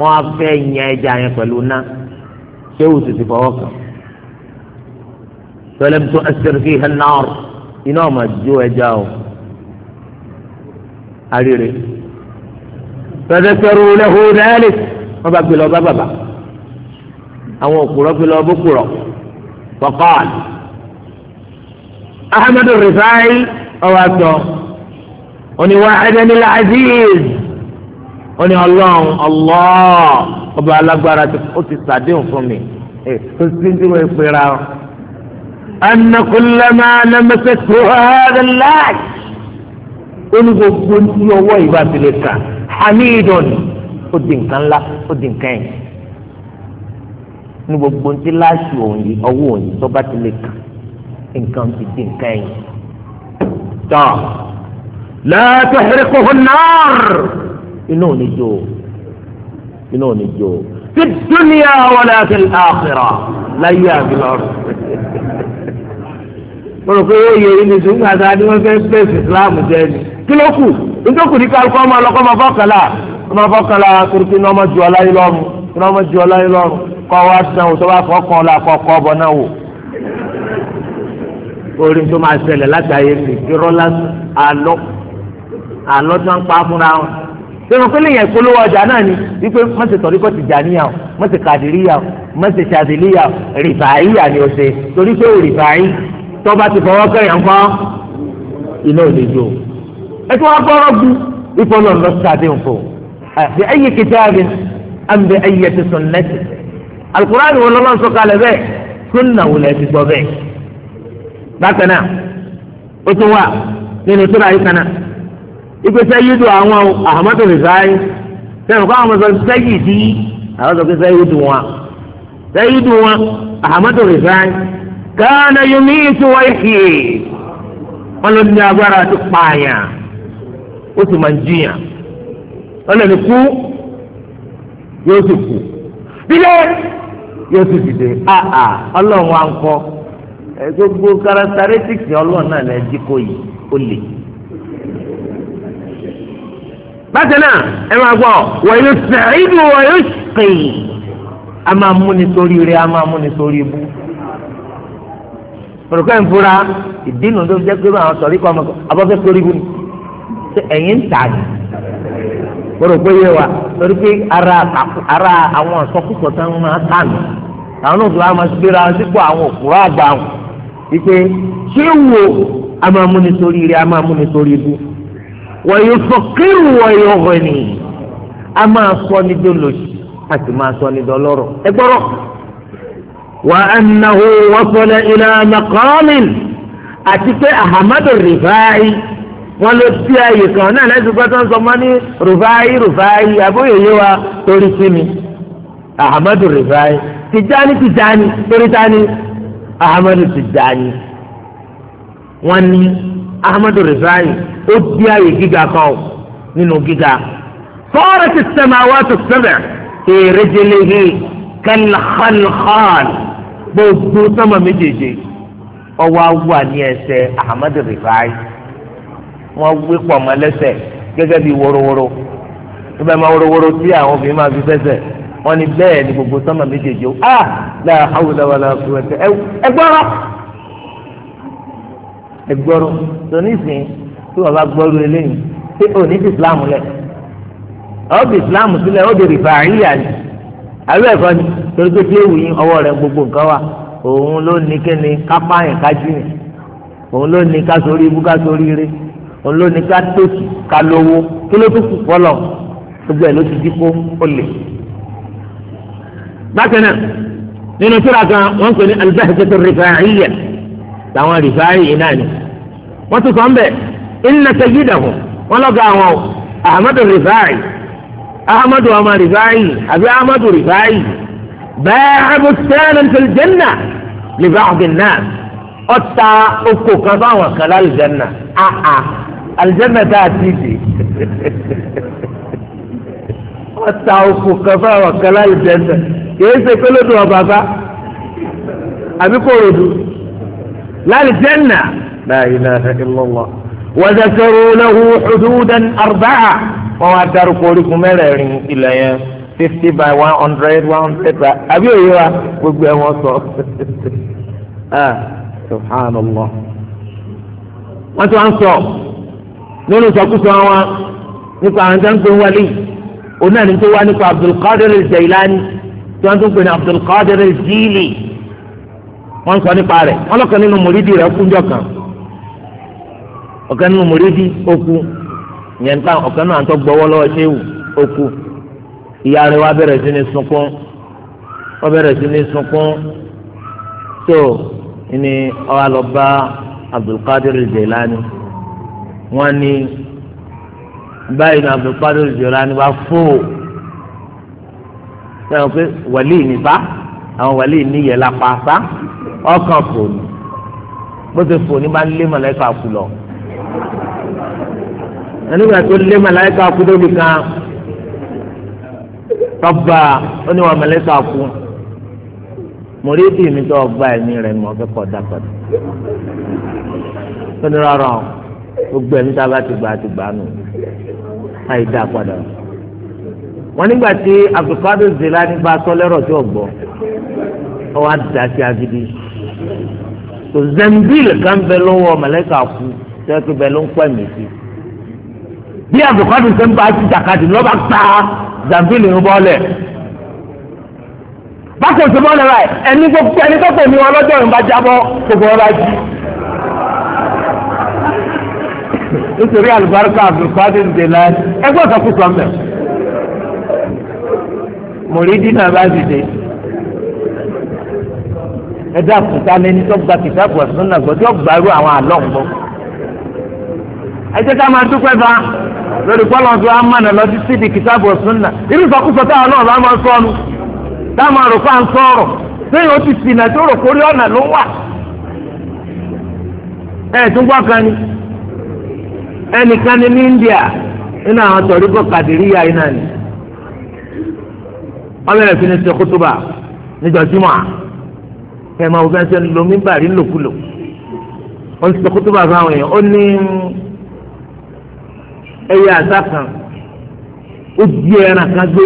wọ́n fẹ́ yẹn ẹja yẹn pẹ̀lú náà ṣéwù sì ti fọwọ́ kàn tọ́lẹ̀ tó ẹsẹ̀rẹ̀ fi hàn nọ́ọ̀rù iná ọ̀ma jó ẹja o àríire tọ́lẹ̀ tẹ́rù lẹ́hùn rẹ́lẹ̀. wọ́n bá gbé lọ bá bàbá àwọn òkúrọ́ gbé lọ bókúrọ́ fọkàn ahmadu rifai ọwọ́ àtọ oníwà ẹdẹnilá aziz oní ọlọ́run Allah ọba alágbára ó ti sàdéhùn fún mi ẹ tó ti ń tí wọ́n pè ra ọ. أن كلما لمسته هذا اللعب إن قلت يوي باتلك حميد ó di nǹkan ńlá ó di nǹkan ẹ̀yìn ní gbogbo ntí láàṣù òyìn ọwọ́ òyìn tó bá ti lè kà nǹkan ti di nǹkan ẹ̀yìn. tọ́ lẹ́ẹ̀tọ́ ìrìkò náà inú ò ní jó inú ò ní jó fi dúnìá wọlé àti àkìrà láyé àbílọ́rù. mo rò pé yẹ ilé tó gbàdá ni wọ́n fẹ́ bẹ́ẹ̀ sí Islam jẹ́ ni kí ló kù nítorí kù ní kálukọ́ ọmọ ọlọ́kọ́ ọmọ bọ́kàlá ọmọ fọkàn lára torí pé iná ọmọ ju ọláyé lọ́rùn iná ọmọ ju ọláyé lọ́rùn kọ́ wá sanwó tó bá fọkàn ọ̀la kọ́kọ́ ọbọ̀ náà wò. orin tó máa ṣẹlẹ̀ látàyè mi irọ́ lásán àlọ́ àlọ́ tó ń pa fúnra wọn sọ̀rọ̀ pé lè yẹn polówó ọjà náà ni wípé mọ̀sẹ̀ tọ̀ríkọ̀ tìjàníyà o mọ̀sẹ̀ kàdìríyà o mọ̀sẹ̀ ṣàdìlíyà o rìfàáyà ni o ṣe torí pé o rìfàáyì tọ́ba ti fọwọ́ kẹ́yà ń kọ́ iná ò lè jó. ẹ tí wọ́n gbọ́rọ̀ bu ìfọlọ́ lọ sí adé بأي كتاب أم بأي سنة القرآن ولا الله سقال به سنة ولا تتوبه بكنا أتوا nínú tó ra yìí kana ipe sẹ́yìdù àwọn ahmadu rizai sẹ́yìn kọ́ àwọn sọ sẹ́yìdì àwọn sọ pé sẹ́yìdù wọn sẹ́yìdù wọn ahmadu rizai gánà yomi ìtura ìhì wọn ló ní agbára tó pààyàn ó sì máa ń jiyàn. ọlọ́ni kú yóò sì kú dídé yóò sì dìde àà ọlọ́run wa ń kọ́ gbogbo karatarẹ́tìkì ọlọ́run náà lè jí kó yìí ó lè. bákan náà ẹ máa gbọ́ wọ́n sẹ́yìn a máa mú ni sórí rẹ a máa mú ni sórí ibú pẹ̀lúkọ́ ẹ̀ ń fura ìdí tó jẹ́ pé sọ̀rí kọ́ ọmọ abọ́fẹ́ sórí ibú ni ẹ̀yìn kóró pé yé wa torí pé ara ara àwọn àsọkùsọ tán máa kànú àwọn òkú àwọn máa gbéra sípò àwọn òkúrò àgbà wọn wípé ṣé wo a máa mú ni sórí rí a máa mú ni sórí bú wọ̀nyí fọkírù wọ̀nyí ọ̀hún ni a máa sọ ní dolóṣì a sì máa sọ ní dọlọ́rọ̀ ẹ gbọ́rọ̀ wà á nàhó wọ́sọ̀lẹ̀ ìlànà kọ́ọ́lìn àti pé ahamadu rìfáì wọn ló sí ààyè kan náà lẹ́sìn pé tó ń sọ mọ́ ní rufai rufai abóyèyé wa torí sí mi ahmadu rufai tìjáni tìjáni torí tani ahmadu tìjáni wọn ní ahmadu rufai ó di ààyè gíga kan nínú gíga fọ́ọ̀rọ̀ ti sẹ́mi àwọn tó sẹ́mi èrè jẹlẹ̀ yìí gbogbo sọ́mọ méjèèjì ọwọ́ wà ní ẹsẹ̀ ahmadu rufai. wọn wé pọ̀ mọ́ lẹ́sẹ̀ gẹ́gẹ́ bí worowóró ibà máa worowóró tí àwọn obìnrin máa fi fẹsẹ̀ wọ́n ní bẹ́ẹ̀ ni gbogbo sọ́mà méjèèjì ó ah láà hawla wala quwwata ẹgbọ́rọ̀ ẹgbọ́rọ̀ tó nísìnyí tí wọ́n bá gbọ́rọ̀ eléyìí pé òní ti islam lẹ̀ bí islam ó di ni ni torí pé tí gbogbo nǹkan òun ló ní kíni òun ló ní ibú olóni ká tòsí ká lówó kí ló tún kù fọlọ gbogbo ẹ ló ti dín kó ó lè. bákan náà nínú tíra kan wọn pè ní albahjatu rifa'iyya táwọn rìfáàyè yìí náà ni wọn tún kàn bẹ inna sayyidahu wọn lọ ga àwọn o ahmadu rifáàyè ọmọ rifáàyè àbí ahmadu rifáàyè bẹ́ẹ̀ abustanan fil janna li ba'din nas ọta kan báwọn kan lálùjẹ náà àlùjẹ́nà tá a ti dè wọ́n ta òkú kan fáwọn kan lálùjẹ́nà kìí ṣe pé lódò ọba bá àbí kò ròdù lálùjẹ́nà la ilaha illallah wa dhakaru lahu hududan wá dárúkọ orígun mẹ́rẹ̀ẹ̀rin ilẹ̀ yẹn fifty by one hundred one hundred by àbí òye wa gbogbo ẹ̀ wọ́n sọ ah subhanallah wọ́n ti wá ń sọ nínú sọkúsọ wọn nípa àwọn tó ń pè wọlé òun náà ní tó wá nípa Abdulkadir Jailani tí wọ́n tún pè ní Abdulkadir Jili wọ́n sọ nípa rẹ̀ wọ́n lọ́kàn nínú mòrídìí rẹ̀ kúnjọ kan ọ̀kan nínú mòrídìí ó kú ìyẹn nípa ọ̀kan náà tó gbọ́wọ́ lọ́wọ́ ṣéwù ó kú ìyá rẹ̀ wá bẹ̀rẹ̀ sí ní sunkún wọ́n bẹ̀rẹ̀ sí ní sunkún tó ní ó wá bá Abdulkadir Jailani wọ́n ní báyìí ní abdulkadir Jilani wá fò sẹ́wọ̀n pé wàlí nípa àwọn wàlí níyẹ̀ lápá sá ọkàn fò ní bó ti fò ní bá ń lé mọ̀lẹ́kà kù lọ nígbà tó lé màláíkà kú débi kan tọba oníwà màláíkà kú mòrídìí mi tó ọgbà ẹ̀mí rẹ̀ mọ̀ fẹ́ kọ́ dàpọ̀dà. Fúnni rárá o, gbogbo ẹni tá a bá ti gbà á ti gbà á nù láì dá padà wọn nígbà tí Abdulkadir Zelani bá sọ lẹ́rọ̀ tí ò gbọ́ ọ wá dá sí agídí tó zambil kan bẹ lọ́wọ́ mẹlẹ́kà kú tẹ́kù bẹ ló ń pẹ́ mi sí bí Abdulkadir sẹ́ ń bá ti jàkadì lọ́ba gbà zambil ń bọ́ lẹ̀ bákan tó bọ́ lẹ̀ báyìí ẹni gbogbo ẹni tó pè mí wọn lọ́jọ́ ìbájábọ̀ gbogbo ọba jí. nítorí àlùbáríkà abdulkadir dèlà ẹgbẹ́ ọ̀sọ́kù sọ́mbẹ̀. mùrídìí náà bá dìde ẹ̀dá kùtà lẹni tó gba kìtàbù ọ̀sán náà gbọ́ tí ó gbàrú àwọn àlọ́ ńgbọ́. ẹ jẹ́ ká máa dúpẹ́ bá lórí pọ́lọ́n tó á mọ̀nà lọ sí síbi kìtàbù ọ̀sán náà irú ìsọkúsọ táwọn náà bá máa sọnù táwọn àròkọ à ń sọ̀rọ̀ sẹ́yìn ó ti sìnà tó rò kórí ọ̀nà ló wà. ẹ̀ tún kan ni. ẹnìkan ní India nínú àwọn tọ̀ríkọ̀ kàdìríyà yìí ni wọ́n bẹ̀rẹ̀ fi ní ṣe kútúbà níjọ́ jùmọ̀ òfin ṣe ń lo mímbàrí ńlòkulò wọ́n ti ṣe fáwọn èèyàn ó ní ẹyẹ àṣà kan ó di ẹran kan gbé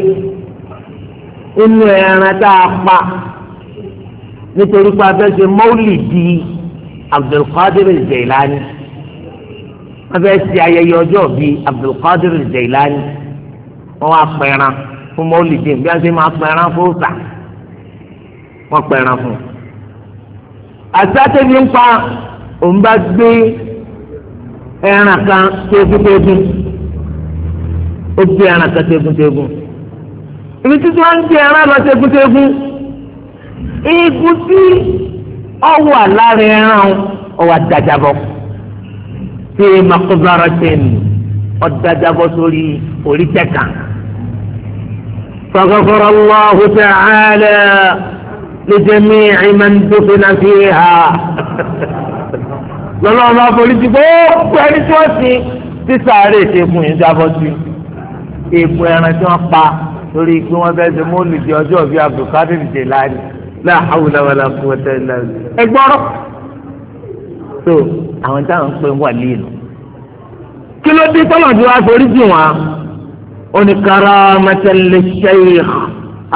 inú ẹran tá a pa nítorí pé wọ́n fẹ́ẹ́ ṣe ayẹyẹ ọjọ́ bíi Abdulkadir Jailani wọ́n wá pẹran fún mọ́lìdín bí wọ́n ṣe máa pẹran fún ọ̀sà wọ́n pẹran fún un. àtàtẹ́bí ń pa òun bá gbé ẹran kan tẹ́gùntẹ́gùn ó gbé ẹran kan tẹ́gùntẹ́gùn ibi títí wọ́n ń gbé ẹran lọ tẹ́gùntẹ́gùn eegun tí ọwọ́ ẹran ọwọ́ fi makobaratin ọ̀dàdàbọ̀ sórí oríṣẹ́kà. فغفر الله تعالى لجميع من دفن فيها lọ́lọ́run bá forí ti gbogbo ẹni tí wọ́n sin tí sàárè ṣe fún yín jábọ́ sí èèpù ẹran tí wọ́n pa lórí pé wọ́n fẹ́ ṣe mọ́lùdí ọjọ́ bíi Abdulkadir Jelani la hawla wala quwwata illa billah ẹgbọ́rọ̀ so àwọn táwọn ń pè ń wà líìnù kí ló dé tọ́lọ̀ tí wàá forí jù wá oní karamatan li sheikh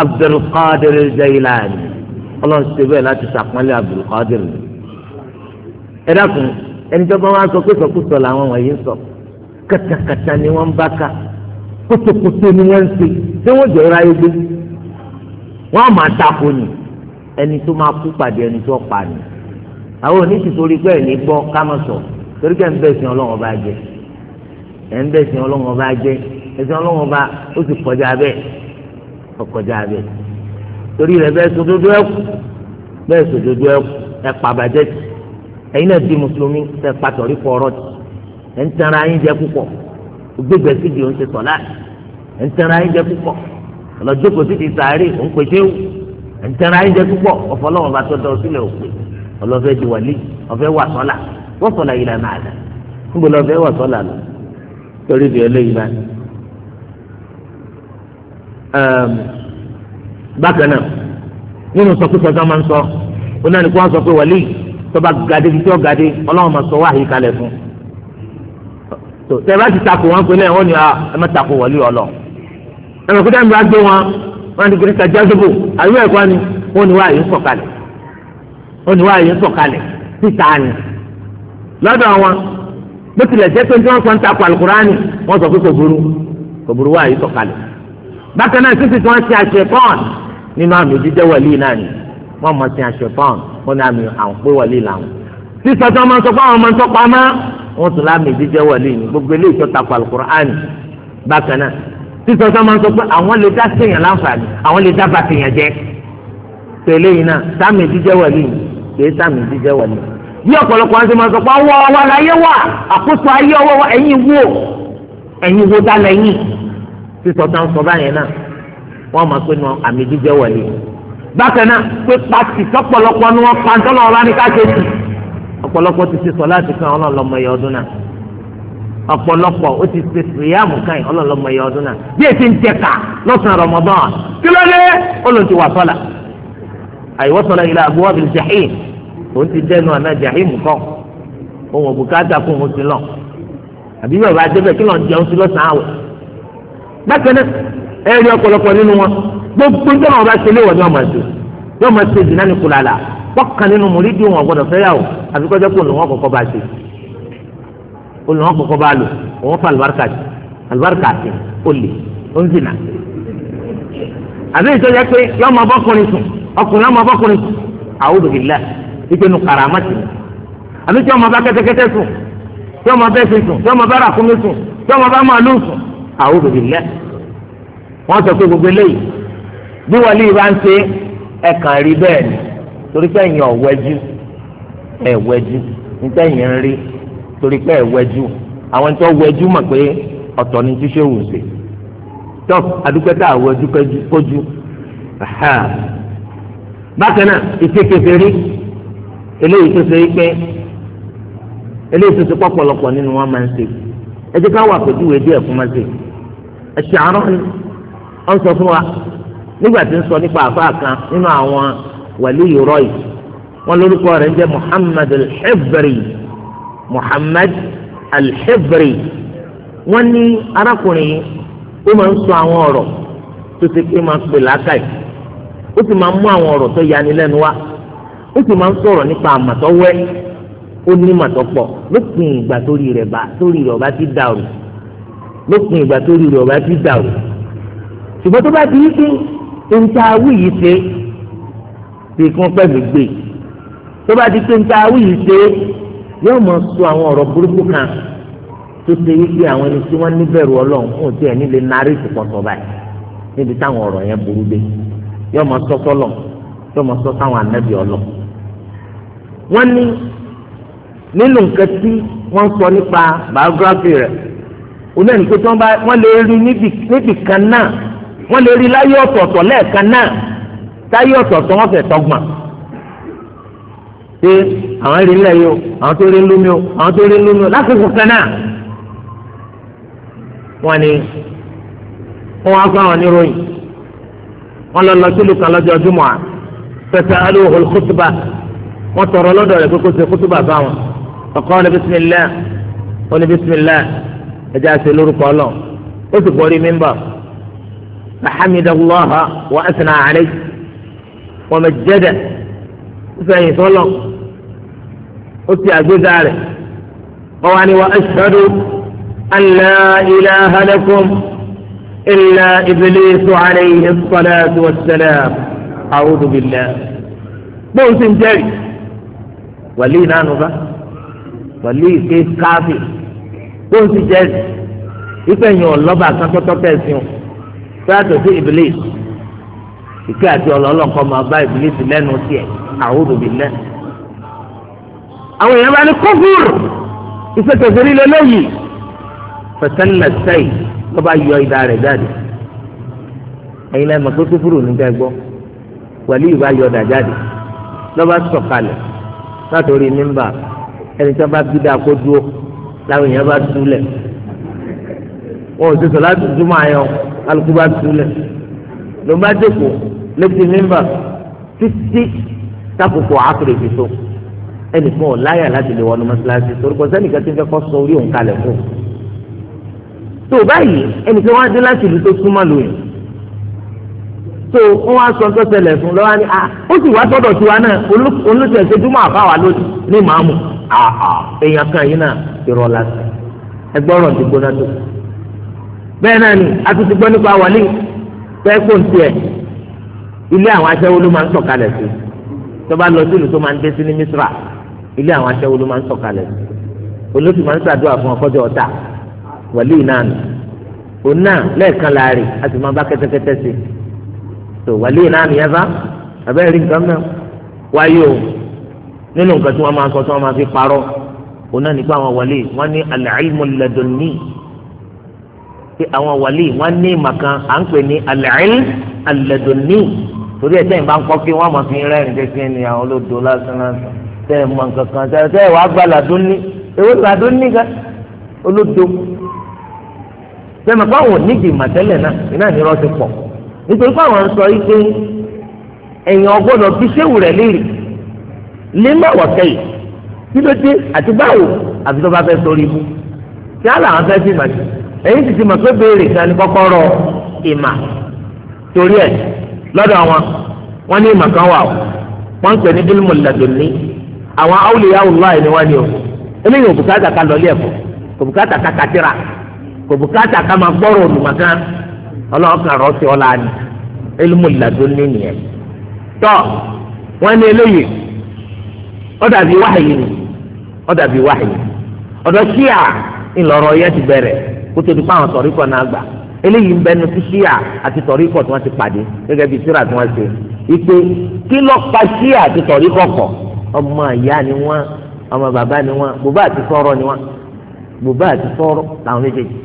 abdulkadir jailani ọlọ́run ṣe bẹ́ẹ̀ láti ṣàpọ́nlé abdulkadir ẹ dákun ẹni tó bá wá sọ pé sọkúsọ làwọn wọ̀nyí ń sọ kàtàkàtà ni wọ́n ń bá ka kótókótó ni wọ́n ń ṣe tí wọ́n jọ ra ẹgbẹ́ wọ́n á dáko ni ẹni tó máa kú pàdé ẹni tó pa ni àwọn oníṣìṣorí pẹ́ ní gbọ́ kámọ̀sọ̀ torí pé ń bẹ̀ sìn ọlọ́wọ́n bá jẹ ẹ̀ ń bẹ̀ sìn ọlọ́wọ́n bá jẹ ẹ̀sìn ọlọ́wọ́n bá ó sì kọjá bẹ́ẹ̀ ó kọjá bẹ́ẹ̀ torí rẹ̀ bẹ́ẹ̀ sòdodo ẹ̀kú bẹ́ẹ̀ sòdodo ẹ̀kú ẹ̀ pàbàjẹ́ tì ẹ̀yin náà di mùsùlùmí tẹ̀ pàtọ́rí pọ̀ ọ̀rọ̀ tì ẹ̀ ń tẹ̀ra yín jẹ púpọ̀ gbégbé sídìí ó ń ṣe sọ̀lá ẹ̀ ń tẹ̀ra yín jẹ púpọ̀ ọ̀lọ́dúnkò sídìí sàárè ọlọ́fẹ́ di wàlí ọ̀fẹ́ wà sọ́là wọ́n sọ̀là yìí lànà àdá níbo lọ́fẹ́ wà sọ́là lọ torí di eléyìí báyìí. bákan náà nínú sọkúsọ tó máa ń sọ ó náà ní kó wọn sọ pé wàlí tọba gàdé fi tí ó gàdé ọlọ́run máa sọ wáhìí kalẹ̀ fún un. tẹ bá ti takò wọn pé náà wọn ni ah, ẹ má takò wàlí ọlọ ẹ mọ̀ kó dáhùn bá gbé wọn wọn ti gbé ní kajá gbogbo àyè ẹ̀kọ́ ni wọn ni wáhìí ń sọ oníwà yìí ń sọ̀kalẹ̀ síta ni lọ́dọ̀ wọn bó tilẹ̀ jẹ́ pé tí wọ́n sọ ń takò alukurani wọ́n sọ pé kò burú kò burú wà yìí bákan náà títí tí wọ́n ti àṣẹ pọ́ọ̀n nínú àmì òjíjẹ́ wọ̀lí náà ni wọ́n mọ̀ sí àṣẹ pọ́ọ̀n wọ́n ní àmì àǹpé wọ̀lí làwọn sísọ tí wọ́n máa ń sọ pé àwọn ọmọ ń tọ́pa mọ́ wọ́n tún láàmì òjíjẹ́ wọ̀lí ni gbogbo eléyìí tó takò alukurani bákan náà sísọ tí wọ́n kìí sàmì jíjẹ́ wọlé bí ọ̀pọ̀lọpọ̀ àti màá sọ ọwọ́ láyé wà àkóso ayé ọwọ́ wa ẹ̀yin wo ẹ̀yin wo dá lẹ́yìn sísọ táwọn sọ báyẹn náà wọ́n máa pé nu àmì jíjẹ́ wọlé bákan náà pé pàtì sọ́pọ̀lọpọ̀ ni wọ́n pa ọ̀la ní káṣíìsì ọ̀pọ̀lọpọ̀ ti ṣe sọ láti kan ọdún náà bí èsì ń òun ti dẹnu àná jahimu kọ òun òbúkátà fún òun sí lọ àbí bàbá adébẹ kí lọ́n jẹun sí lọ́sàn-án àwẹ̀ bákan náà ẹ rí ọ̀pọ̀lọpọ̀ nínú wọn gbogbo ń tọ́nà ọba ṣe léwọ̀ ní ọmọ ẹ̀sìn yóò máa ṣe ìdìnnà ní kulala wọ́kàn nínú mùrídì wọn gbọ́dọ̀ fẹ́ yà wò àfi kọ́jọ́ pé olùwọ́n kọ̀kọ́ bá ṣe olùwọ́n kọ̀kọ́ bá lò òun fa àlùbáríkà sí àlùbáríkà sí olè ó ń zìnà àbí ìtọ́jà pé yọ́ọ́ máa bọ́kùnrin sùn ọkùnrin yọ́ọ́ bọ́kùnrin sùn a'udhu billah ike nu karamati àbí tí ọmọ bá kẹ́tẹ́kẹ́tẹ́ sùn tí ọmọ bá ẹsẹ̀ sùn tí ọmọ bá ràkúnmí sùn tí ọmọ bá màálù sùn àwọn òbí lẹ wọn sọ pé gbogbo eléyìí bí wọlé ìbá ń ṣe ẹkàn rí bẹ́ẹ̀ ni torí pé ẹ̀yin ọwẹjú ẹwẹjú níta ẹ̀yin rí torí pé ẹwẹjú àwọn tó wẹjú mọ̀ pé ọ̀tọ̀ ni tíṣe wù sí tó adúpẹ́tà àwẹjú kọjú bákan náà ìṣe kékeré eléyìí tó ṣe pé eléyìí tó ṣe pọ̀pọ̀lọpọ̀ nínú wọn máa ń ṣe ẹ jẹ́ ká wà pẹ̀júwe díẹ̀ fún máa ṣe ẹ̀ṣẹ̀ àárọ̀ ni ó ń sọ fún wa nígbà tí ń sọ nípa àfáà kan nínú àwọn wàlí ìrọ̀ yìí wọn lórúkọ rẹ̀ ń jẹ́ Muhammad al-Hibri Muhammad al-Hibri wọn ní arákùnrin yìí ó máa ń sọ àwọn ọ̀rọ̀ tó ṣe pé máa pè lákàyè ó sì máa mú àwọn ọ̀rọ̀ tó yanilẹ́nu wá ó sì máa ń sọ̀rọ̀ nípa àmàtọ́wẹ́ ó ní màtọ́pọ̀ lópin ìgbà torí rẹ̀ bá torí rẹ̀ ọba ti dàrú lópin ìgbà torí rẹ̀ ọba ti dàrú ṣùgbọ́n tó bá ti yí pé nta awí yìí ṣe bí kún pẹ̀lú gbé tó bá ti pé nta awí yìí ṣe yóò mọ̀ sọ àwọn ọ̀rọ̀ burúkú kan tó ṣe wípé àwọn ẹni tí wọ́n níbẹ̀rù ọlọ́run fún òtí ẹ̀ nílé narí ìsìnkọ́sọ báyìí níbi táwọn ọ̀rọ̀ yẹn burú dé yóò mọ̀ sọ sọ́lọ̀ yóò mọ̀ sọ sáwọn anábì ọlọ́run wọ́n ní nínú nǹkan tí wọ́n sọ nípa biography rẹ̀ oní ẹni pé tí wọ́n bá wọ́n lè rí níbì kan náà wọ́n lè rí láyé ọ̀tọ̀ọ̀tọ̀ lẹ́ẹ̀kan náà táyé ọ̀tọ̀ọ̀tọ̀ wọ́n fẹ́ tọ́gbọ̀n pé àwọn rí nílẹ̀ yìí o àwọn tó rí lómi o àwọn tó rí lómi o lásìkò kan náà wọ́n ní wọ́n wá fún àwọn oníròyìn wọ́n lọ lọ sílùú kan lọ́jọ́ jùmọ̀ à fẹsẹ̀ alóhùn kútùbà wọ́n tọrọ lọ́dọ̀ rẹ̀ kókó ṣe kútùbà fáwọn ọkọ ní bisimilá ó ní bisimilá ẹjẹ àti lórúkọ lọ ó sì gbọ́rí mímbà allahu wa asana alay wa majjada sẹyìn sọlọ ó sì àgbéga rẹ̀ wọ́n wá ní wa ashadu an la ilaha lakum. إلا إبليس عليه الصلاة والسلام أعوذ بالله ń jẹrìí. wàlí ìnánu bá wàlí ìké káfí kó o sì jẹ́ ìfẹ́ yẹn ọlọ́ba kan tọ́tọ́ tẹ̀sí o fẹ́ẹ́tọ̀ sí ìbílẹ̀ ìké àti ọlọ́lọ́kọ́ máa bá ìbílẹ̀ sí lẹ́nu tiẹ̀ àwòrò mi lẹ́. àwọn èèyàn bá ní kófúrò ìfẹ́tọ̀sẹ́rí lélẹ́yìí fẹsẹ̀lẹ̀ sẹ́yìn ló bá yọ ìdá rẹ̀ jáde ẹ̀yin lẹ́yìn mọ̀ pé kófúrò nígbà gbọ́ wàlí ìbá yọ ọ̀dà jáde ló sọ̀kalẹ̀ látòrí mímbà ẹni tí wọn bá bí dáa kó dúró láwọn èèyàn bá túlẹ̀ wọn ò ti sọ láti túmọ̀ àyàn alùpùpù bá túlẹ̀ ló bá dẹ́kun létí mímbà títí takòkò àkùrè fi tó ẹnì kan ò láyà láti lè wọnú mọ́ṣáláṣí torí kò sẹ́nìkan tí ń fẹ́ kọ́ sọ orí òun kalẹ̀ fún un tó báyìí ẹnì kan wá dé láti ìlú tó súnmọ́ lóyún so wọ́n wá sọ tó ṣẹlẹ̀ fún lọ́wọ́ ni à ah, ó sì wá sọ́dọ̀ tiwa náà olùsẹ̀ṣẹ̀ júmọ̀ àfáwà lójú ní màámu àà èèyàn kan yìí náà irọ́ lásán ẹgbọ́rọ̀ ti gbóná tó bẹ́ẹ̀ náà ni a ti ti gbọ́ nípa wàlí fẹ́ẹ́ kó tiẹ̀ ilé àwọn aṣẹ́wó ló máa ń sọ̀kalẹ̀ sí tó bá lọ sí ìlú tó máa ń dé sí ní Misra ilé àwọn aṣẹ́wó ló máa ń sọ̀kalẹ̀ sí olóṣù máa ń ṣàdúrà fún ọkọ́jọ́ ọ̀tá wàlí náà nù òun náà lẹ́ẹ̀kan láàrin a sì máa bá kẹ́tẹ́kẹ́tẹ́ sí i tó wàlíì náà nìyẹn sá abẹ́rẹ́ rí nǹkan náà wáyé o nínú nǹkan tí wọ́n máa sọ tí wọ́n máa fi parọ́ òun náà nípa àwọn wàlíì wọ́n ní al-ilmu ladunni pé àwọn wàlíì wọ́n ní màkàn à ń pè ní al-ilmu al-ladunni torí ẹ̀ sẹ́yìn bá ń kọ́ kí wọ́n máa fi rẹ́rìn kékeré ni àwọn olódò lásán lásán tẹ́ mọ̀ nǹkankan tẹ́ tẹ́ wàá gba nítorí pé àwọn ń sọ yìí pé ẹ̀yìn ọgbọ́dọ̀ fi séwù rẹ̀ léèrè lé má wọ̀ kí ló dé àti báwo àfi tó bá fẹ́ sórí ibú kí á làwọn fẹ́ fi mà ẹ̀yìn sì ti mọ̀ pé béèrè kan ní kọ́kọ́rọ́ ìmà torí ẹ̀ lọ́dọ̀ wọn wọ́n ní ìmà kan wà o wọ́n ń pè ní bílímù àwọn o eléyìí ká ọlọ́ọ̀kan rọ́ọ̀sì ọ̀la ni elimulilado ní nìyẹn tọ́ wọn ni eléyìí ó dàbí wáhìí ni ó dàbí wáhìí ọ̀dọ̀ ṣíà ńlọrọ̀ yẹn ti bẹ̀rẹ̀ kó tó pa àwọn sọ̀rí kan náà gbà eléyìí ń bẹnu sí ṣíà àti sọ̀rí tí wọ́n ti pàdé gẹ́gẹ́ bí síra tí wọ́n ṣe ìpè kí pa àti sọ̀rí ọmọ ìyá ni wọ́n ọmọ bàbá ni wọ́n bùbá àti sọ̀rọ̀ ni wọ́n bùbá àti sọ̀rọ̀ làwọn méjèèjì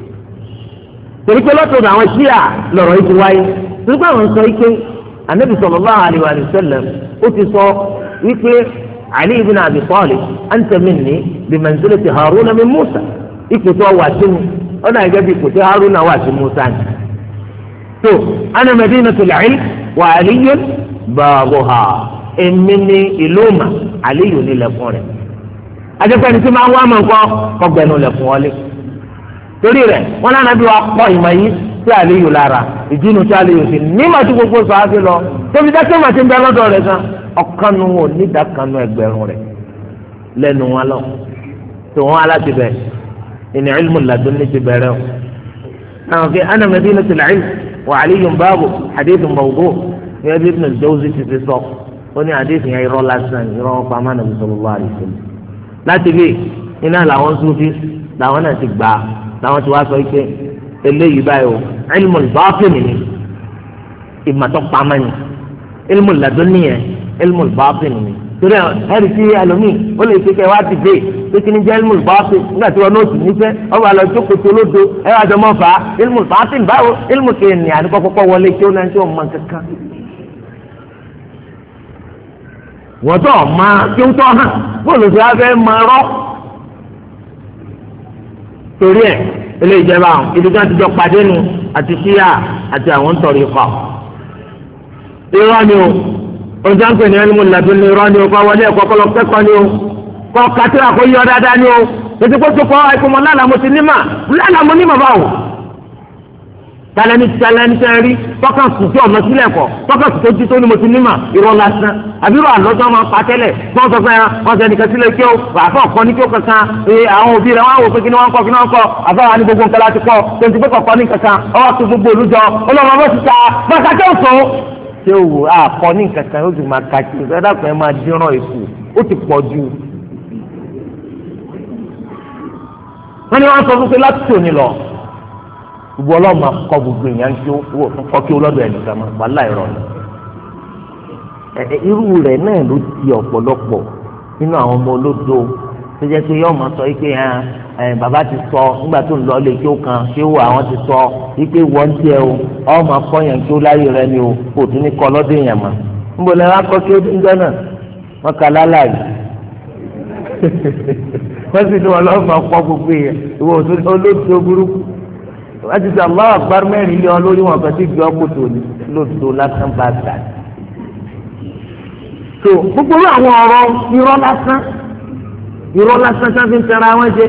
torí pé lọ́tọ̀ọ̀dọ̀ àwọn ṣíà lọ̀rọ̀ yìí ti wáyé torí pé àwọn sọ wípé anabi sallallahu alaihi wa sallam ó ti sọ wípé ali ibn abi talib anta minni bi manzilati haruna min musa ipò tó wà sí mi ọ̀nà ẹ̀gẹ́ bí ipò tó haruna wà sí musa ni. tó ana madinatul ilm wa aliyun babuha èmi ni ìlú mà aliyun ni lẹ̀kùn rẹ̀ adékọ́ni tí máa wá torí rẹ̀ wọn lànà bí wọn kọ́ ìmọ̀ yìí tí Aliyu lára ìdínú tí Aliyu sí nígbà tí gbogbo sọ á sí lọ tóbi dákẹ́ màá ti ń bẹ lọ́dọ̀ rẹ̀ gan ọ̀kanu wọn onídàkanu ẹgbẹ̀rún rẹ̀ lẹ́nu wọn lọ tó wọn aláti bẹ̀ ìní ilmu ladun ní ti bẹ̀rẹ̀ o. àwọn fi ana madinatul ilm wa Aliyu báàbò hadith mawdu' ní ẹbí Ibn al ti fi sọ ó ní hadith yẹn irọ́ lásán irọ́ pamọ́ nàbí sallallahu alaihi láti bí iná làwọn sufi làwọn náà ti gbà á làwọn ti wá sọ pé eléyìí báyìí o ilmu bàtìnì ni ìmọ̀tọ́ pamọ́ ni ilmu ladunni yẹn ilmu bàtìnì ni torí ẹ̀rí sí ẹlòmíì ó lè ṣe kẹ́ wá ti dé pékin jẹ́ ilmu bàtìnì nígbà tí wọn nóòtù níṣẹ́ ọba àlọ́ ìjókòó tó lódo ẹ wá jọ mọ́ fà á ilmu bàtìnì báwo ilmu kìíní àdúgbò wọlé kí ó náà tí wọn mọ kankan. wọ́n tó ọ̀ máa kí ó tọ́ hàn bóòlù tó wá máa rọ́ torí ẹ̀ ilé ìjẹba àwọn ibi tí wọ́n ti jọ pàdé nu àti ṣíyà àti àwọn tọ̀rí kọ̀. irọ́ ni o oúnjẹ ń pè ní ẹni mo lẹ́bi ní irọ́ ni o kọ́ wọlé ẹ̀kọ́ kọ́ lọ kẹ́kọ̀ọ́ ni o kọ́ kàtí àkóyọ dáadáa ni o ètò ìpótò kọ́ ẹ̀kọ́ mọ́ lálàmú ti nímà lálàmú nímà báwo talani talani sẹ́rí tọ́ka sùn tí ọmọ sílẹ̀ kọ̀ tọ́ka sùn tó ti tó ni mo ti ní mà irọ́ lásán àbírò àlọ́jọ́ máa pa tẹ́lẹ̀ fún ọ̀sán fún ẹ wọ́n sẹ́ni kan sílẹ̀ kí ó àfa ọ̀kọ́ ní kí ó kankan ee àwọn òbí rẹ̀ wọ́n á wò pé kí ni wọ́n kọ́ kí ni wọ́n kọ́ àfa wà ní gbogbo nǹkan láti kọ́ tẹ̀sí pé kọ̀ọ̀kan ní kankan ọwọ́ tó gbogbo olùjọ ọlọ́mọ bó ti ta bàtà tó sọ. ṣé o wò á kọ́ ní kankan ó sì máa ka kí ẹ dàpọ̀ ẹ máa dínrán èkó ó ti pọ̀ ju. wọ́n ní wọ́n gbogbo ọlọ́mọ akọ gbogbo èèyàn tí ó kọ́ kí ó lọ́dọ̀ ẹnìkan mọ́ wàhálà ìrọ̀ ni. irú rẹ̀ náà ló ti ọ̀pọ̀lọpọ̀ nínú àwọn ọmọ olódo tó jẹ́ pé yọ́ọ̀mọ sọ wípé bàbá ti sọ nígbà tó ń lọ lé kí ó kan kí ó àwọn ti sọ wípé wọ́n ń tiẹ̀ o ọmọ akọ yẹn kí ó láyé rẹ ni o kò tún ní kọ́ lọ́dọ̀ èèyàn mọ́ níbo ni wọ́n akọ kí ó dín jọ́nà wọ́n kà lálàyé [laughs] wọ́n sì ní wọn lọ́ọ́ máa kọ́ gbogbo èèyàn ìwọ olóòtú burúkú wọ́n ti sọ aláwọ̀ akpari mẹ́rin lé wọn lórí wọn kọ́tí gbé ọkọ̀tò lòdò lásán bá gbà. tó gbogbo àwọn ọ̀rọ̀ irọ́ lásán irọ́ lásán sáfi ń tẹ̀ra wọn jẹ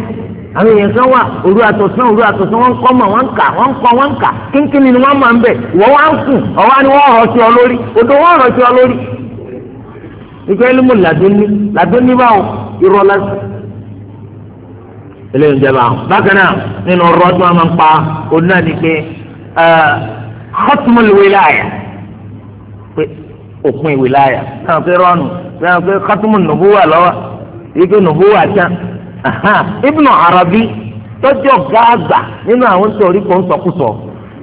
àwọn èèyàn kan wà òru àtọ̀sán òru àtọ̀sán wọn kọ́ mọ̀ wọn kà wọn kọ́ wọn kà kínkínni ni wọ́n máa ń bẹ̀ wọ́n wá ń kù ọ̀wá ni wọ́n rọ̀ sí ọ lórí odò wọ́n rọ̀ sí ọ lórí. ìgbà ìlú làdóní làdóní báwo irọ́ lásán eléyìí ń jẹba bákan náà nínú ọ̀rọ̀ tí wọn máa ń pa òun náà ni pé khatmul wilaya pé òpin wilaya náà pé rọnù náà pé khatmun nubuwa lọ́wọ́ ike nubuwa tán ibnu arabi tọ́jú ọ̀gá àgbà nínú àwọn torí kò ń sọkúsọ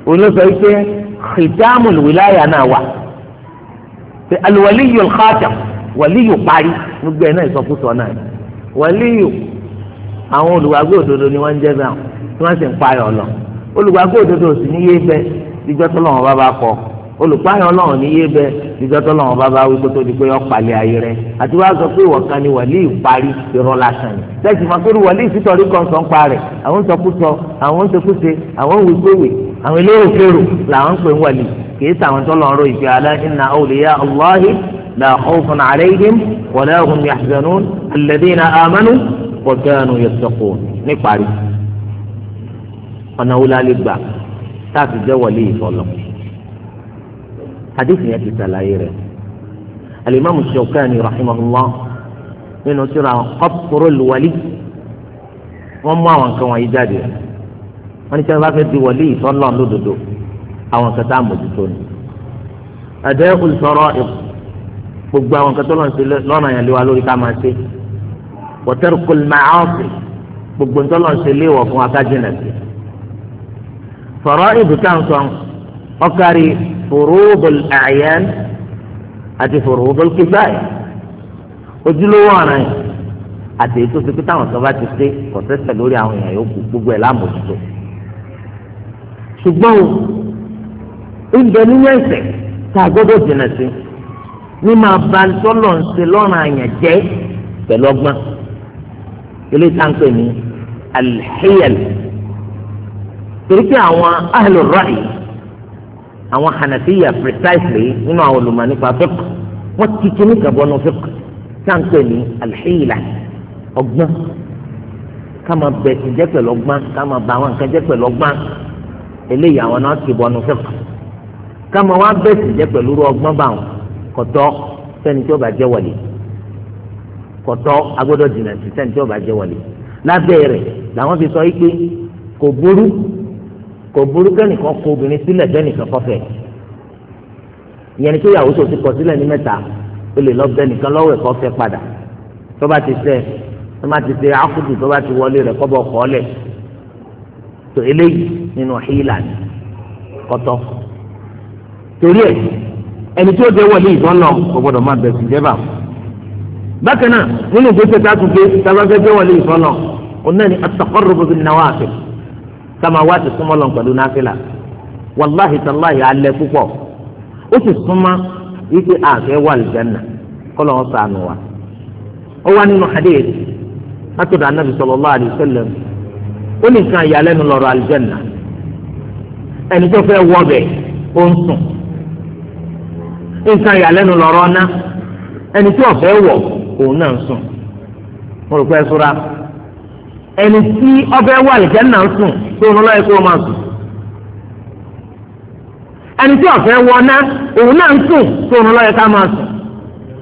òun ló sọ pé khitamul wilaya náà wà pé alwaliyul khatam wàlíyù parí gbogbo ẹ̀ náà ìsọkúsọ náà wàlíyù àwọn olùwàgbé òdodo ni wọ́n ń jẹ́ bẹ́ẹ̀ tí wọ́n sì ń payọ̀ lọ olùwàgbé òdodo sì ní yé bẹ́ẹ̀ ìjọ tó lọ́wọ́ bá bá kọ́ olùpáyọ̀ ọlọ́run ní yé bẹ ìjọ́tọ́ lọ́wọ́ bàbá wí kótó di pé ọ̀pàlẹ̀ ayé rẹ àti wàá sọ pé ìwọ̀n kan ni wàlíì parí irọ́ lásán yìí lẹ́sìn máa pé wàlíì sítọ́rí kan sọ ń pa rẹ̀ àwọn sọkúsọ àwọn sekúse àwọn wípéwé àwọn eléròkèrò làwọn ń pè ń wàlíì kìí sàwọn tó lọ́rọ̀ ìfẹ́ alẹ́ olùyà ọlọ́hìn la khawfun alayhim wa wọ́gánù yẹtọ̀kù níparí ọ̀nà wúlálẹ̀ gbà táàbì jẹ́ wọlé ìfọlọ́ hadith yẹn ti sàlàyé rẹ̀ alimami Shawkani rahimahullah nínú síra Qatrul Wali wọ́n mú àwọn nǹkan wọ̀nyí jáde wọ́n ní sẹ́yìn bá fẹ́ di wọlé ìfọlọ́ lódodo àwọn nǹkan tá a mójútó ni adẹ́kùn sọ̀rọ̀ gbogbo àwọn nǹkan tó lọ́nà yẹn lé wa lórí ká máa ṣe wọ́tẹ́rùkùn màáfì gbogbo ntọ́lọ̀ ṣe léèwọ̀ fún akájínà sí. fọ̀rọ̀ ibùkà ń sọ̀n ọkàrí fòròbòl àyàn àti fòròbòl kìbáyà ojúlówó ọ̀ràn yìí àti èyí tó ti pé táwọn kan bá ti pé kọ̀tẹ́sẹ̀ lórí àwọn èèyàn yòókù gbogbo ẹ̀ lámòjútó. ṣùgbọ́n o ń bẹ nínú ẹ̀ṣẹ̀ tá a gbọ́dọ̀ jìnnà sí ní máa ba tọ́lọ̀ ń ṣe lọ́rùn àyàn jẹ́ pẹ̀lú ọgbọ́n ilé ìtànkè ní alhiyal torí pé àwọn ahlul ra'i àwọn hanafiya precisely nínú àwọn olùmọ̀ nípa fiqh wọ́n ti kí ní kàbọnú fiqh ìtànkè ní alhiyal ọgbọ́n kama bẹ̀sìn jẹ́ pẹ̀lú ọgbọ́n kama bá àwọn nǹkan jẹ́ pẹ̀lú ọgbọ́n eléyìí àwọn náà ti bọnú fiqh kama wá bẹ̀sìn jẹ́ pẹ̀lú ọgbọ́n báwọn kọ̀tọ́ sẹ́ni tí ó bá jẹ́ wọlé kọtọ agbọ́dọ̀ jìnnà sí sẹni tí ó bá jẹ wọlé lábẹ́ rẹ̀ làwọn fi sọ yìí pé kò burú kò burú kẹ́nìkan kọ obìnrin sílẹ̀ bẹ́nìkan kọfẹ́ ìyẹn ni pé ìyàwó tó ti kọ sílẹ̀ ní mẹ́ta ó lè lọ bẹ́nìkan lọ́wọ́ ẹ̀kọ́ fẹ́ padà tó bá ti fẹ́ tó bá ti fẹ́ akutu tó bá ti wọlé rẹ̀ kọ́bọ̀ kọ́lẹ̀ tó eléyìí nínú hílà kọ́tọ́ torí ẹ̀ ẹni tí ó dé wọlé ìbọn náà kò gbọ́dọ̀ má bẹ̀ sí jẹ́ báwọn bákan náà nínú ìgbésẹ̀ táàkùgbé tábàfẹ́ gbé wọlé ìfọlọ́ ọ̀nà ni at-taqarrub bin-nawafil kama wá ti súnmọ́ lọ́n pẹ̀lú náfìlà wàláhi tàláhi alẹ́ púpọ̀ ó sì súnmọ́ wípé àfẹ́ wà lìjánà kọ́lọ́ wọn sànù wa. ó wá nínú hadith látọ̀dọ̀ anábì sallallahu alaihi wasallam ó ní nǹkan ìyàlẹ́nu lọ́rọ̀ àlìjánà ẹni tó fẹ́ wọbẹ̀ ó ń sùn nǹkan ìyàlẹ́nu lọ́rọ̀ ọ̀nà ẹni tó ọ̀fẹ́ wọ̀ òun náà ń sùn mo rò pé ẹ ẹni tí ọbẹ̀ wà lìjẹ́ náà ń sùn tó ń lọ́yẹ̀ kó o máa sùn ẹni tí ọ̀fẹ́ wọná òun náà ń sùn tó ń lọ́yẹ̀ ká máa sùn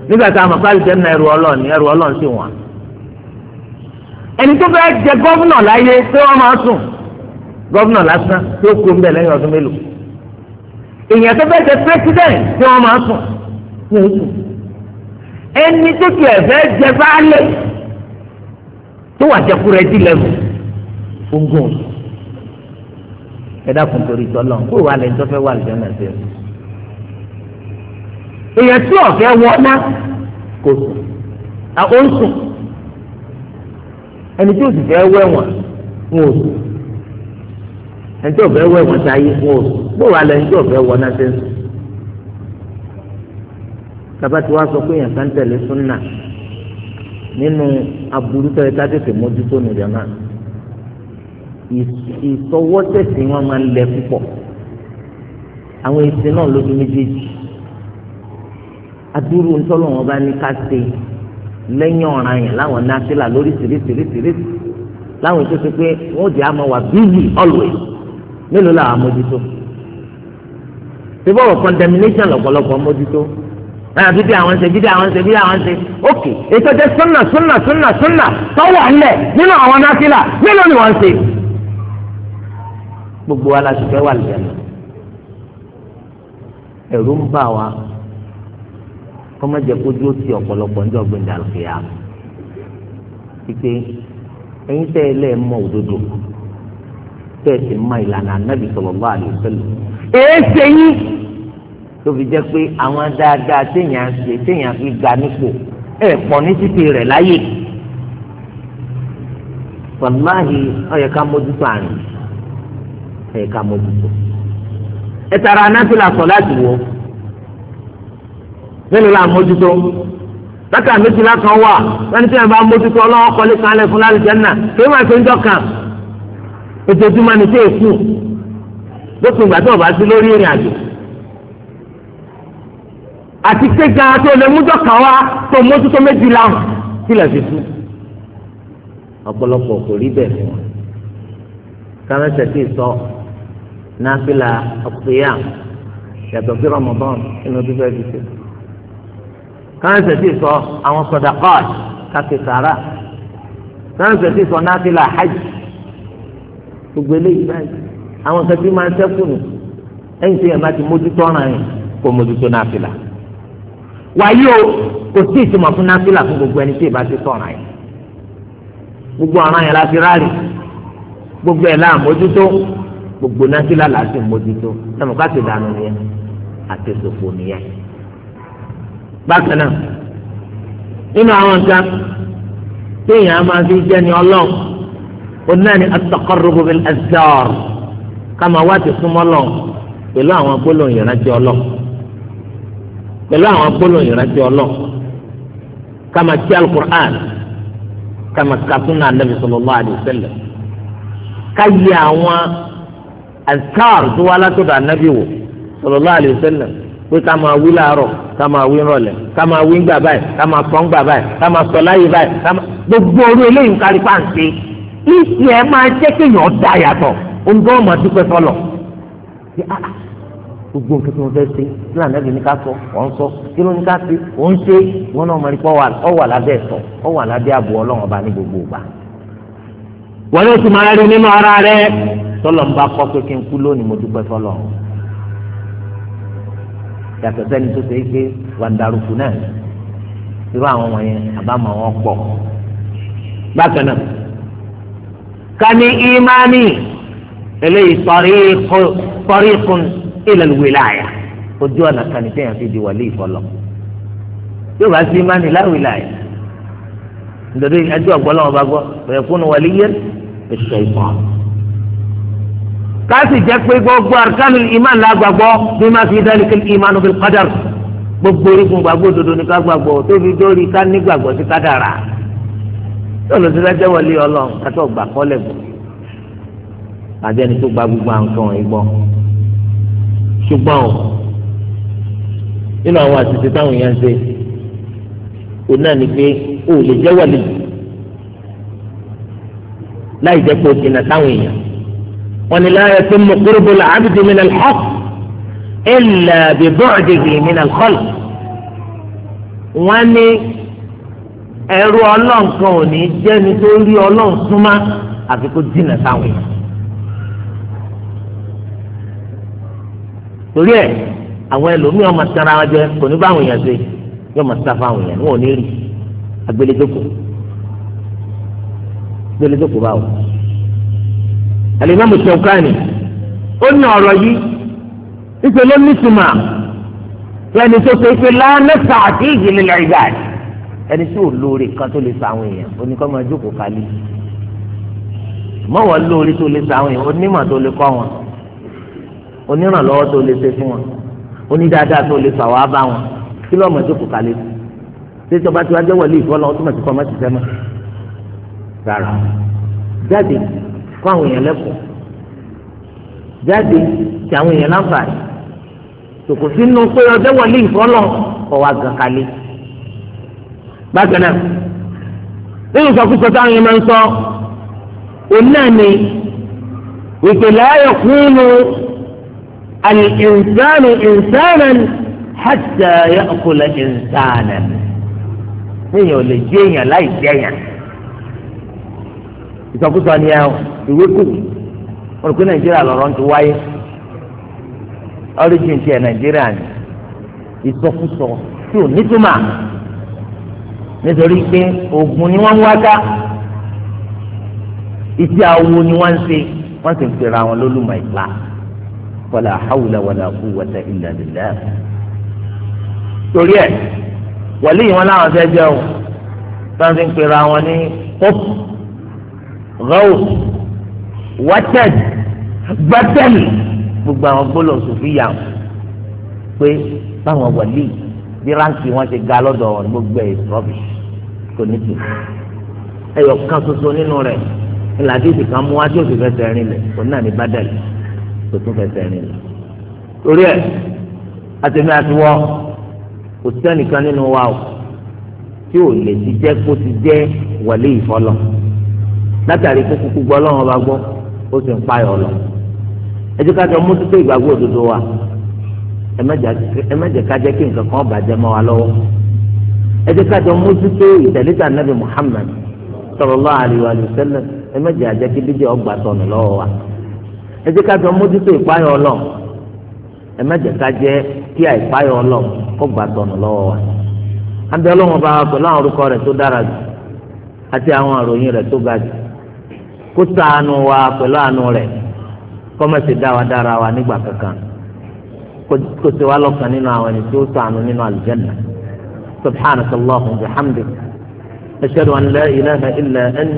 nígbà tá a mọ̀ pé àlìjẹ́ náà ẹrù ọlọ́ọ̀ni ẹrù ọlọ́ọ̀ni sì ẹni tó jẹ gọ́vùnà láyé tó wọ́n máa sùn gọ́vùnà lásán tó ń ẹni tó ti ẹ̀fẹ́ jẹ báálẹ̀ tó wà jẹkú rẹ dí lẹ́nu ogún ẹ̀dá kun torí tọ́lọ̀ kó wà lẹ́yìn tó fẹ́ wà lẹ́yìn náà sẹ́yìn. èèyàn tí ọ̀fẹ́ wọ́ná kò sùn àwọn ń sùn ẹni tí ó sì fẹ́ wẹ̀wọ̀n ń ò sùn ẹni tí ọ̀fẹ́ wẹ̀wọ̀n sáyé ń ò sùn kó wà lẹ́yìn tó ọ̀fẹ́ wọ́ná sẹ́yìn sùn tàbá tí wàá sọ pé èèyàn kan tẹ̀lé súnà nínú aburú tẹ̀lé tàbí mójútó nìyẹn náà ìsọwọ́sẹ̀sì wọn máa ń lẹ púpọ̀ àwọn èsì náà lójú méjèèjì adúrú ńtọ́lọ́ wọn bá ní ká ṣe lẹ́yìn ọ̀ràn yẹn láwọn násìlà lórí tìrìtìrìtìrìtì láwọn èso pé wọn ò jẹ́ àmọ́ wà bíbí always mélòó làwọn amójútó ṣé bọ́wọ̀ condemnation lọ́pọ̀lọpọ̀ mójútó náà bíbí àwọn ṣe bíbí àwọn ṣe bíbí àwọn ṣe ókè ètò jẹ súnà súnà súnà súnà tó wà ńlẹ̀ nínú àwọn náfìlà nínú ni wọ́n ṣe. gbogbo wa la sì fẹ́ wà lẹ́nu ẹ̀rù ń bà wá kọ́mọ́jẹ kójú ó ti ọ̀pọ̀lọpọ̀ ń dọ̀gbìn dàlùkìyà pípé ẹ̀yin tẹ́ ẹ lẹ́ẹ̀ mọ òdodo tẹ́ ẹ sì mọ ìlànà anábì sallallahu alaihi wasallam èé ṣe yín tó fi jẹ́ pé àwọn dáadáa téèyàn ṣe téèyàn fi ga nípò ẹ̀ pọ̀ ní títì rẹ̀ láyè wàláhì ọ̀yẹ̀ ká mójútó àrùn ọ̀yẹ̀ ká mójútó ẹ tara anáfíà sọ láti wọ nínú la mójútó bákà méjìlá kan wà wọn ní tí wọn bá mójútó ọlọ́wọ́ kọ́lé kan lẹ̀ fún lálùjánnà kí wọ́n máa ṣe ń jọ kàn ojoojúmọ́ ni tí èkú lópin ìgbà tó o bá sí lórí ìrìn àjò àti pé gan tó lè mújọ kàn wá tó mójútó méjì láwọn sílẹ̀ fi tú. ọ̀pọ̀lọpọ̀ kò rí bẹ́ẹ̀ fún wa. kárẹ́sẹ̀ sì sọ náfìlà ọ̀pẹ̀yà yàtọ̀ sí Ramadan inú tó fẹ́ẹ́ fi ṣe. kárẹ́sẹ̀ sì sọ àwọn sọ̀dàkọ́ọ̀t káfí sàrà. kárẹ́sẹ̀ sì sọ náfìlà hajj. gbogbo eléyìí báyìí àwọn kan tí máa ń sẹ́kù nù ẹ̀yìn tí yẹn bá ti mójútó ọ̀ràn yẹn kó mójútó náfìlà wàyí o kò sí ìtumọ̀ fún násìlà fún gbogbo ẹni tí ì bá ti sọ̀ràn yìí gbogbo ọ̀ràn yẹn láti ráàlì gbogbo ẹ̀ là ń mójútó gbogbo násìlà láti mójútó ẹ̀mọ́ ká ti dànù nìyẹn àti sòfò nìyẹn. bákan náà nínú àwọn nǹkan téèyàn á máa fi jẹ́ ni òun náà ni at-taqarrub bil wá ti súnmọ́ lọ pẹ̀lú àwọn gbólóhùn ìrántí ọlọ́run pẹ̀lú àwọn gbólóhùn ìrántí ọlọ́ọ̀ kama tí alukur'an kama kàtúnà anabi sallallahu alayhi wa sallam ká yẹ àwọn azkar tó wá látọ̀dọ̀ anabi wò sallallahu alayhi wa sallam pé ká máa wí láàárọ̀ ká máa wí rọ̀lẹ́ ká máa wí gbà báyìí ká máa sọ gbà báyìí ká máa sọ láyé báyìí ká gbogbo orí eléyìí ń pàǹtí ìsì ẹ máa jẹ́ kéèyàn dá yàtọ̀ ó ń gbọ́ ọmọ dúpẹ́ gbogbo nǹkan tí wọ́n fẹ́ ṣe kí lànàbì ní ká sọ wọ́n sọ kí ló ní ká ṣe wọ́n ṣe wọ́n náà mọ̀ nípa ọ̀wà lábẹ́ ẹ̀sọ́ ọ̀wà lábẹ́ ààbò ọlọ́run ọba ní gbogbo ìgbà. wọ́n ní oṣù máa rí nínú ara rẹ̀ tọ́lọ̀ ń bá kọ́ pé kí n kú lónìí mo dúpẹ́ fọlọ́ yàtọ̀ sẹ́ni tó ṣe é pé wàndàrúkú náà irú àwọn wọ̀nyẹn àbámọ̀ wọn pọ̀ bákan náà ká ní ìmánì ilal wilaya ojú ọ̀nà kan ní tẹ̀yàn fi di wàlí ìfọlọ́ yóò bá sí imáni la wilaya nítorí ẹjọ́ ọ̀gbọ́lọ́wọ́ bá gbọ́ bẹ̀rẹ̀ fún wàlí yẹn èso ìmọ̀ káàsì jẹ́ pé gbogbo arkanu imáni la gbàgbọ́ bí má fi dálé kí imánu bil qadar gbogbo orígun gbàgbọ́ òdodo ní ká gbàgbọ́ tóbi dórí ká nígbàgbọ́ sí kádàrà yóò lọ sí lẹ́jọ́ wọlé ọlọ́run kátó gbà bọ̀ ṣùgbọ́n o nínú àwọn àṣìṣe táwọn èèyàn ṣe òun náà ni pé o ò lè jẹ́ wàlẹ̀ láì jẹ́ pé o jìnnà táwọn èèyàn wọn ni láyé tó mọ kúrúbù làbìdì mi nàl xọ́k ilà bí bọ́ọ̀dìgì mi nàl xọ́l wọn ni ẹrú ọlọ́nkan ò ní jẹ́ni tó rí ọlọ́run súnmọ́ táwọn èèyàn. torí ẹ̀ àwọn ẹlòmíì ọmọ sara wọn jẹ kò ní bá àwọn èèyàn ṣe yóò máa sá fáwọn èèyàn wọn ò ní rí agbélédoko agbélédoko báwo. alimami Shawkani ó ní ọ̀rọ̀ yìí níṣẹ́ ló ní tuma ẹni tó ṣe pé lánàfà àti ìjìnlẹ̀ ìgbàdì ẹni tí ò lóore kan tó lè sa àwọn èèyàn oníkọ́ máa jókòó kálí mọ́wọ́ lóore tó lè sa àwọn èèyàn onímọ̀ tó lè kọ́ wọn onírànlọ́wọ́ tó lè ṣe fún wọn onídàádáa tó lè fà wá bá wọn kí ló mọ̀ tó kù kalẹ̀ sí ṣé tọba tí wàá jẹ́ wọlé ìfọlọ́ tó mọ̀ tó kọ́ mọ́ ti fẹ́ mọ́ rárá jáde kọ́ àwọn èèyàn lẹ́kọ̀ọ́ jáde tí àwọn èèyàn láǹfààní tòkò sínú pé ọjọ́ wọlé ìfọlọ́ kọ́ wa gàn kalẹ̀ bákan nínú ìsọkúsọ táwọn èèyàn máa ń sọ òun náà ni ìpìlẹ̀ alìnsánù ìnsánàn hàtà yàkùlà ìnsánàn níyàn ò lè jẹ èèyàn láì jẹ èèyàn ìsọkúsọ ni ẹ ìwé kù wọn kó nàìjíríà lọ́rọ̀ ń ti wáyé origin tiẹ̀ nàìjíríà ni ìsọkúsọ tí ò nítumà nítorí pé oògùn ni wọ́n ń wá ká iṣẹ́ awo ni wọ́n ń ṣe wọ́n sì ń pera wọn lólùmọ̀ ìgbà wàlà hawla wàlà quwwata illa billah. torí ẹ wàlí yìí wọn láwọn fẹẹ jẹ o táwọn ti ń pera wọn ní kóf gawus wátẹd gbẹtẹlì gbogbo àwọn gbólóhùn sùfìyà pé báwọn wàlí bí ráǹkì wọn ti ga lọ́dọ̀ wọn gbogbo ẹ rọbìṣ kò ní tì ẹyọ kan ṣoṣo nínú rẹ̀ ńlá àdéhùn kan mú wá tí ó sì fẹsẹ̀ rinlẹ̀ náà ní bá dẹ̀lẹ̀ kò tún fẹsẹ̀ rìn lọ. torí ẹ̀ àtẹ̀mí àtiwọ́ kò sẹ́nìkan nínú wa o tí ò lè ti jẹ́ kó ti jẹ́ wọlé ìfọlọ́ látàrí kó kúkú gbọ́ lọ́wọ́ bá gbọ́ ó sì ń payọ̀ lọ. ẹ jẹ́ ká jọ mójútó ìgbàgbọ́ òdodo wa ẹ má jẹ́ ká jẹ́ kí nǹkan kan bàjẹ́ mọ́ wa lọ́wọ́ ẹ jẹ́ ká jọ mójútó ìtẹ̀lẹ́tà nàbì Muhammad sallallahu alaihi wa sallam ẹ má jẹ́ àjẹkí bíjẹ́ ọgbà sọnù lọ́wọ́ wa ẹ jẹ́ ká jọ mójútó ìpáyọ̀ ọlọ́run ẹ má jẹ́ ká jẹ́ kí àìpáyọ̀ ọlọ́run kó gbà tọ̀nù lọ́wọ́ wa abẹ́ ọlọ́run bá wa pẹ̀lú àwọn orúkọ rẹ̀ tó dára jù àti àwọn àròyìn rẹ̀ tó ga jù kó ṣàánú wa pẹ̀lú àánú rẹ̀ kó má ṣe dá wa dára wa nígbà kankan kó ṣe wa nínú àwọn ẹni tó ṣàánú nínú àlùjànnà subhanaka allahumma wa bihamdik ashhadu an la ilaha illa anta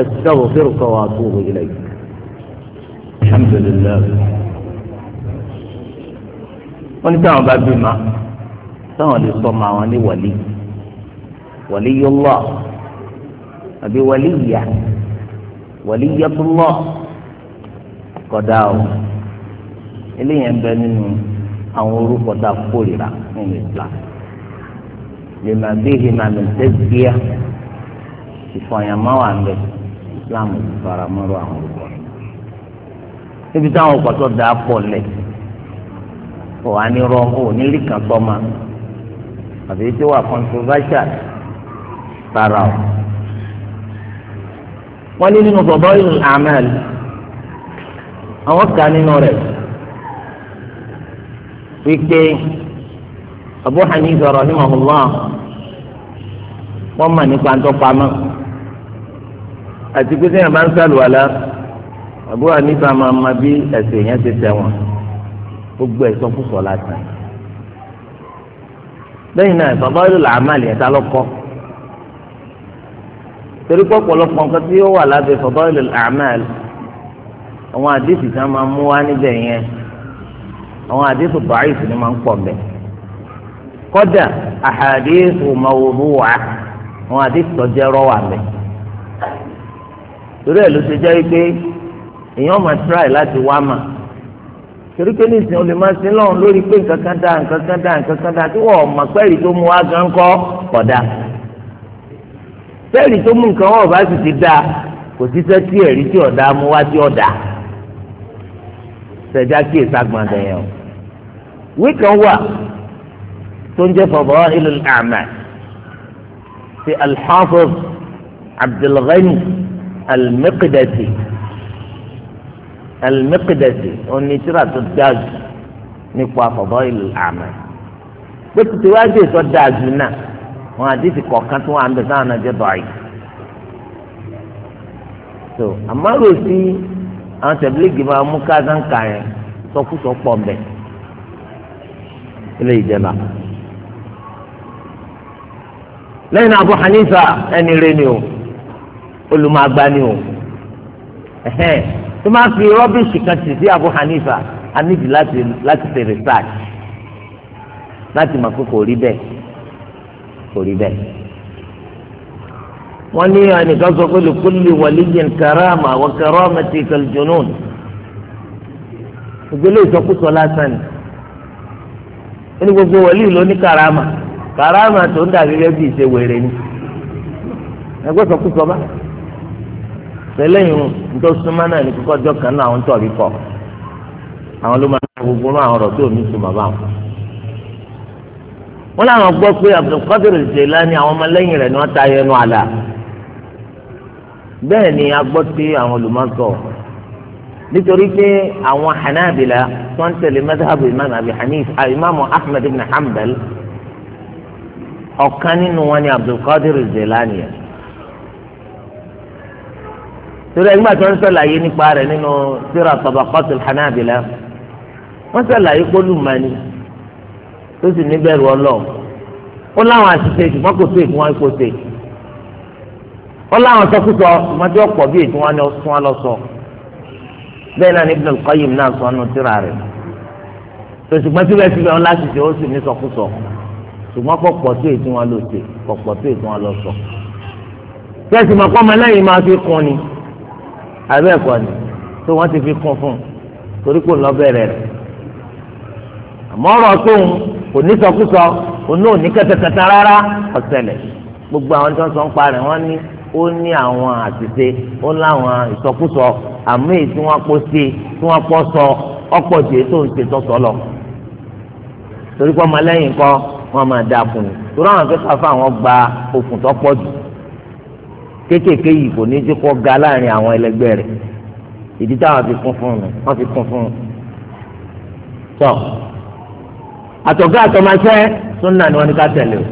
astaghfiruka wa atubu ilayk alhamdulilayi wọ́n ní táwọn bá bímọ táwọn lè sọ ọmọ àwọn ní wàlí wàlí yọlọ àbí wàlí yá wàlí yẹtúlọ kódà o eléyìí ń bẹ nínú àwọn orúkọ tá a kórìíra nínú Islam lè má bí ìhìnà mi tẹ́síyà ìfọ̀yàmọ́ wà ń bẹ Islam fara mọ́rọ́ àwọn orúkọ níbi táwọn ọ̀pọ̀tọ̀ dà á pọ̀ lẹ̀ ò á ní rọ ò ní rí kan tọ́ ma àbí tí wà controversial tara o. wọ́n ní nínú bọ̀bọ́ ìlú amẹ́l àwọn kà nínú rẹ̀ wípé Abu Hanifa rahimahullah wọ́n mọ̀ nípa ntọ́pamọ́ àti pé sẹ́yìn bá ń sàlùwàlá. Abu Hanifa máa ma bí ẹsẹ̀ yẹn ti tẹ̀ wọ́n gbogbo ẹ̀sọ́ kúsọ̀ látàn. lẹ́yìn náà bàbá yóò là á má lè ta lọ́kọ́ torí pé ọ̀pọ̀lọpọ̀ nǹkan tí ó wà lábẹ́ bàbá yóò là á má lè àwọn àdéhùn kan máa mú wá níbẹ̀ yẹn àwọn àdéhùn báyìí ni máa ń pọ̀ bẹ́ẹ̀ kọ́dà àhàdéhùn mawdu'a àwọn àdéhùn tó jẹ́ rọ́wà bẹ́ẹ̀ torí ẹ̀ ló ṣe jẹ́ pé èèyàn máa try láti wá mà torí pé nísìnyí o lè máa sin lọ́run lórí pé nǹkan kan dá nǹkan kan dá nǹkan kan dá tí wọ́n mọ̀ pẹ́ẹ́rì tó mú wá gan kọ́ kọ̀dá pẹ́ẹ́rì tó mú nǹkan wọ́n bá sì ti dá kò sí sẹ́tí ẹ̀rí tí ọ̀dá mú wá tí ọ̀dá sẹ̀dá kí èsì agbọ̀ndẹ̀ yẹn o wíkàn wà tó ń jẹ́ fọ̀bọ̀ ìlú àmà ti al-Hafiz Abdul Al-Miqdisi onítìrà tó dájú nípa fadailul a'mal pé títí wá dé tó dájú náà wọn àdìsí kọ̀ọ̀kan tó wà ń bẹ sáwọn náà jẹ́ báyìí. tó àmọ́rò sí àwọn tẹ̀blígì máa mú káàdáǹkà yẹn sọkúsọ pọ̀ mbẹ́ ilé ìjẹba. lẹ́yìn Abu Hanifa ẹni rẹ ni o olùmọ̀ àgbà o tó máa fi rọ́bìṣì kan tì sí Abu Hanifa a nídìí láti láti ṣe research láti mọ̀ pé kò rí bẹ́ẹ̀ kò rí bẹ́ẹ̀. wọ́n ní ẹnìkan sọ pé lùkúlì wàlíyìn karama wà karama ti kàlùjọ́nùn ìgbélé ìsọkúsọ lásán ni ẹni gbogbo wàlíì ló ní karama karama tó ń dàbí rẹ́bì ṣe wèrè ni ẹgbẹ́ sọkúsọ báyìí sẹlẹyìn nítorí súnmọ́ náà ní kíkọ ọjọ́ kan náà àwọn tó rí kọ àwọn ló máa ń gbogbo náà àwọn ọ̀rọ̀ tó ní sùn bàbá wọn. wọn làwọn gbọ́ pé Abdulkadir Jilani àwọn ọmọlẹ́yìn rẹ̀ ni wọ́n ta ẹnu àlà bẹ́ẹ̀ ni a gbọ́ pé àwọn olùmọ̀sọ̀ nítorí pé àwọn Hanabila tó ń tẹ̀lé madhabu imam Abi Hanif imam Ahmad ibn Hanbal ọ̀kan nínú wọn ni Abdulkadir Jilani yẹn torí ẹgbẹ́ àti wọn sọ̀làyé nípa rẹ̀ nínú sira Tabaqatul Hanabila wọn sọ̀làyé pólùmọ́ni tó sì níbẹ̀rù ọlọ́ọ̀ ó láwọn àṣìṣe ṣùgbọ́n kò tó èkó wọn kò tè ó láwọn sọkúsọ ọmọdé ọ̀pọ̀ bí èkó wọn tún wọn lọ sọ bẹ́ẹ̀ náà ní Ibn al-Qayyim náà sọ ọ́nù tírà rẹ̀ tó ṣùgbọ́n síbẹ̀síbẹ̀ wọn láṣìṣe ó sì ní sọkúsọ ṣùgbọ́n kò pọ̀ tó wọn lọ tè kò pọ̀ tó wọn lọ sọ abẹ́ẹ̀kọ́ ni tó wọ́n ti fi kún fún un torí kò lọ bẹ̀rẹ̀ rẹ̀ àmọ́ ọ̀rọ̀ tóun kò ní sọkúsọ òun ò ní kẹtẹkẹtẹ rárá ọ̀sẹ̀lẹ̀ gbogbo àwọn tó ń sọ ń parẹ̀ wọ́n ní ó ní àwọn àṣìṣe ó láwọn ìsọkúsọ àmọ́ èyí tí wọ́n pọ̀ sí tí wọ́n pọ̀ sọ ọ̀pọ̀ jù tó ń ṣe tọ́sọ lọ torí pé ọmọlẹ́yìn kọ́ wọ́n máa dáa fún un torí àwọn akẹ́kọ̀ọ́ fún àwọn gba òfin pọ̀ jù kéékèèké yìí kò ní jẹ́ kó ga láàrin àwọn ẹlẹgbẹ́ rẹ̀ ìdí táwọn fi kún fún un wọ́n fi kún fún un. tọ́ àtọ̀gá àtọ̀máṣẹ́ súnà ni wọ́n ní ká tẹ̀lé o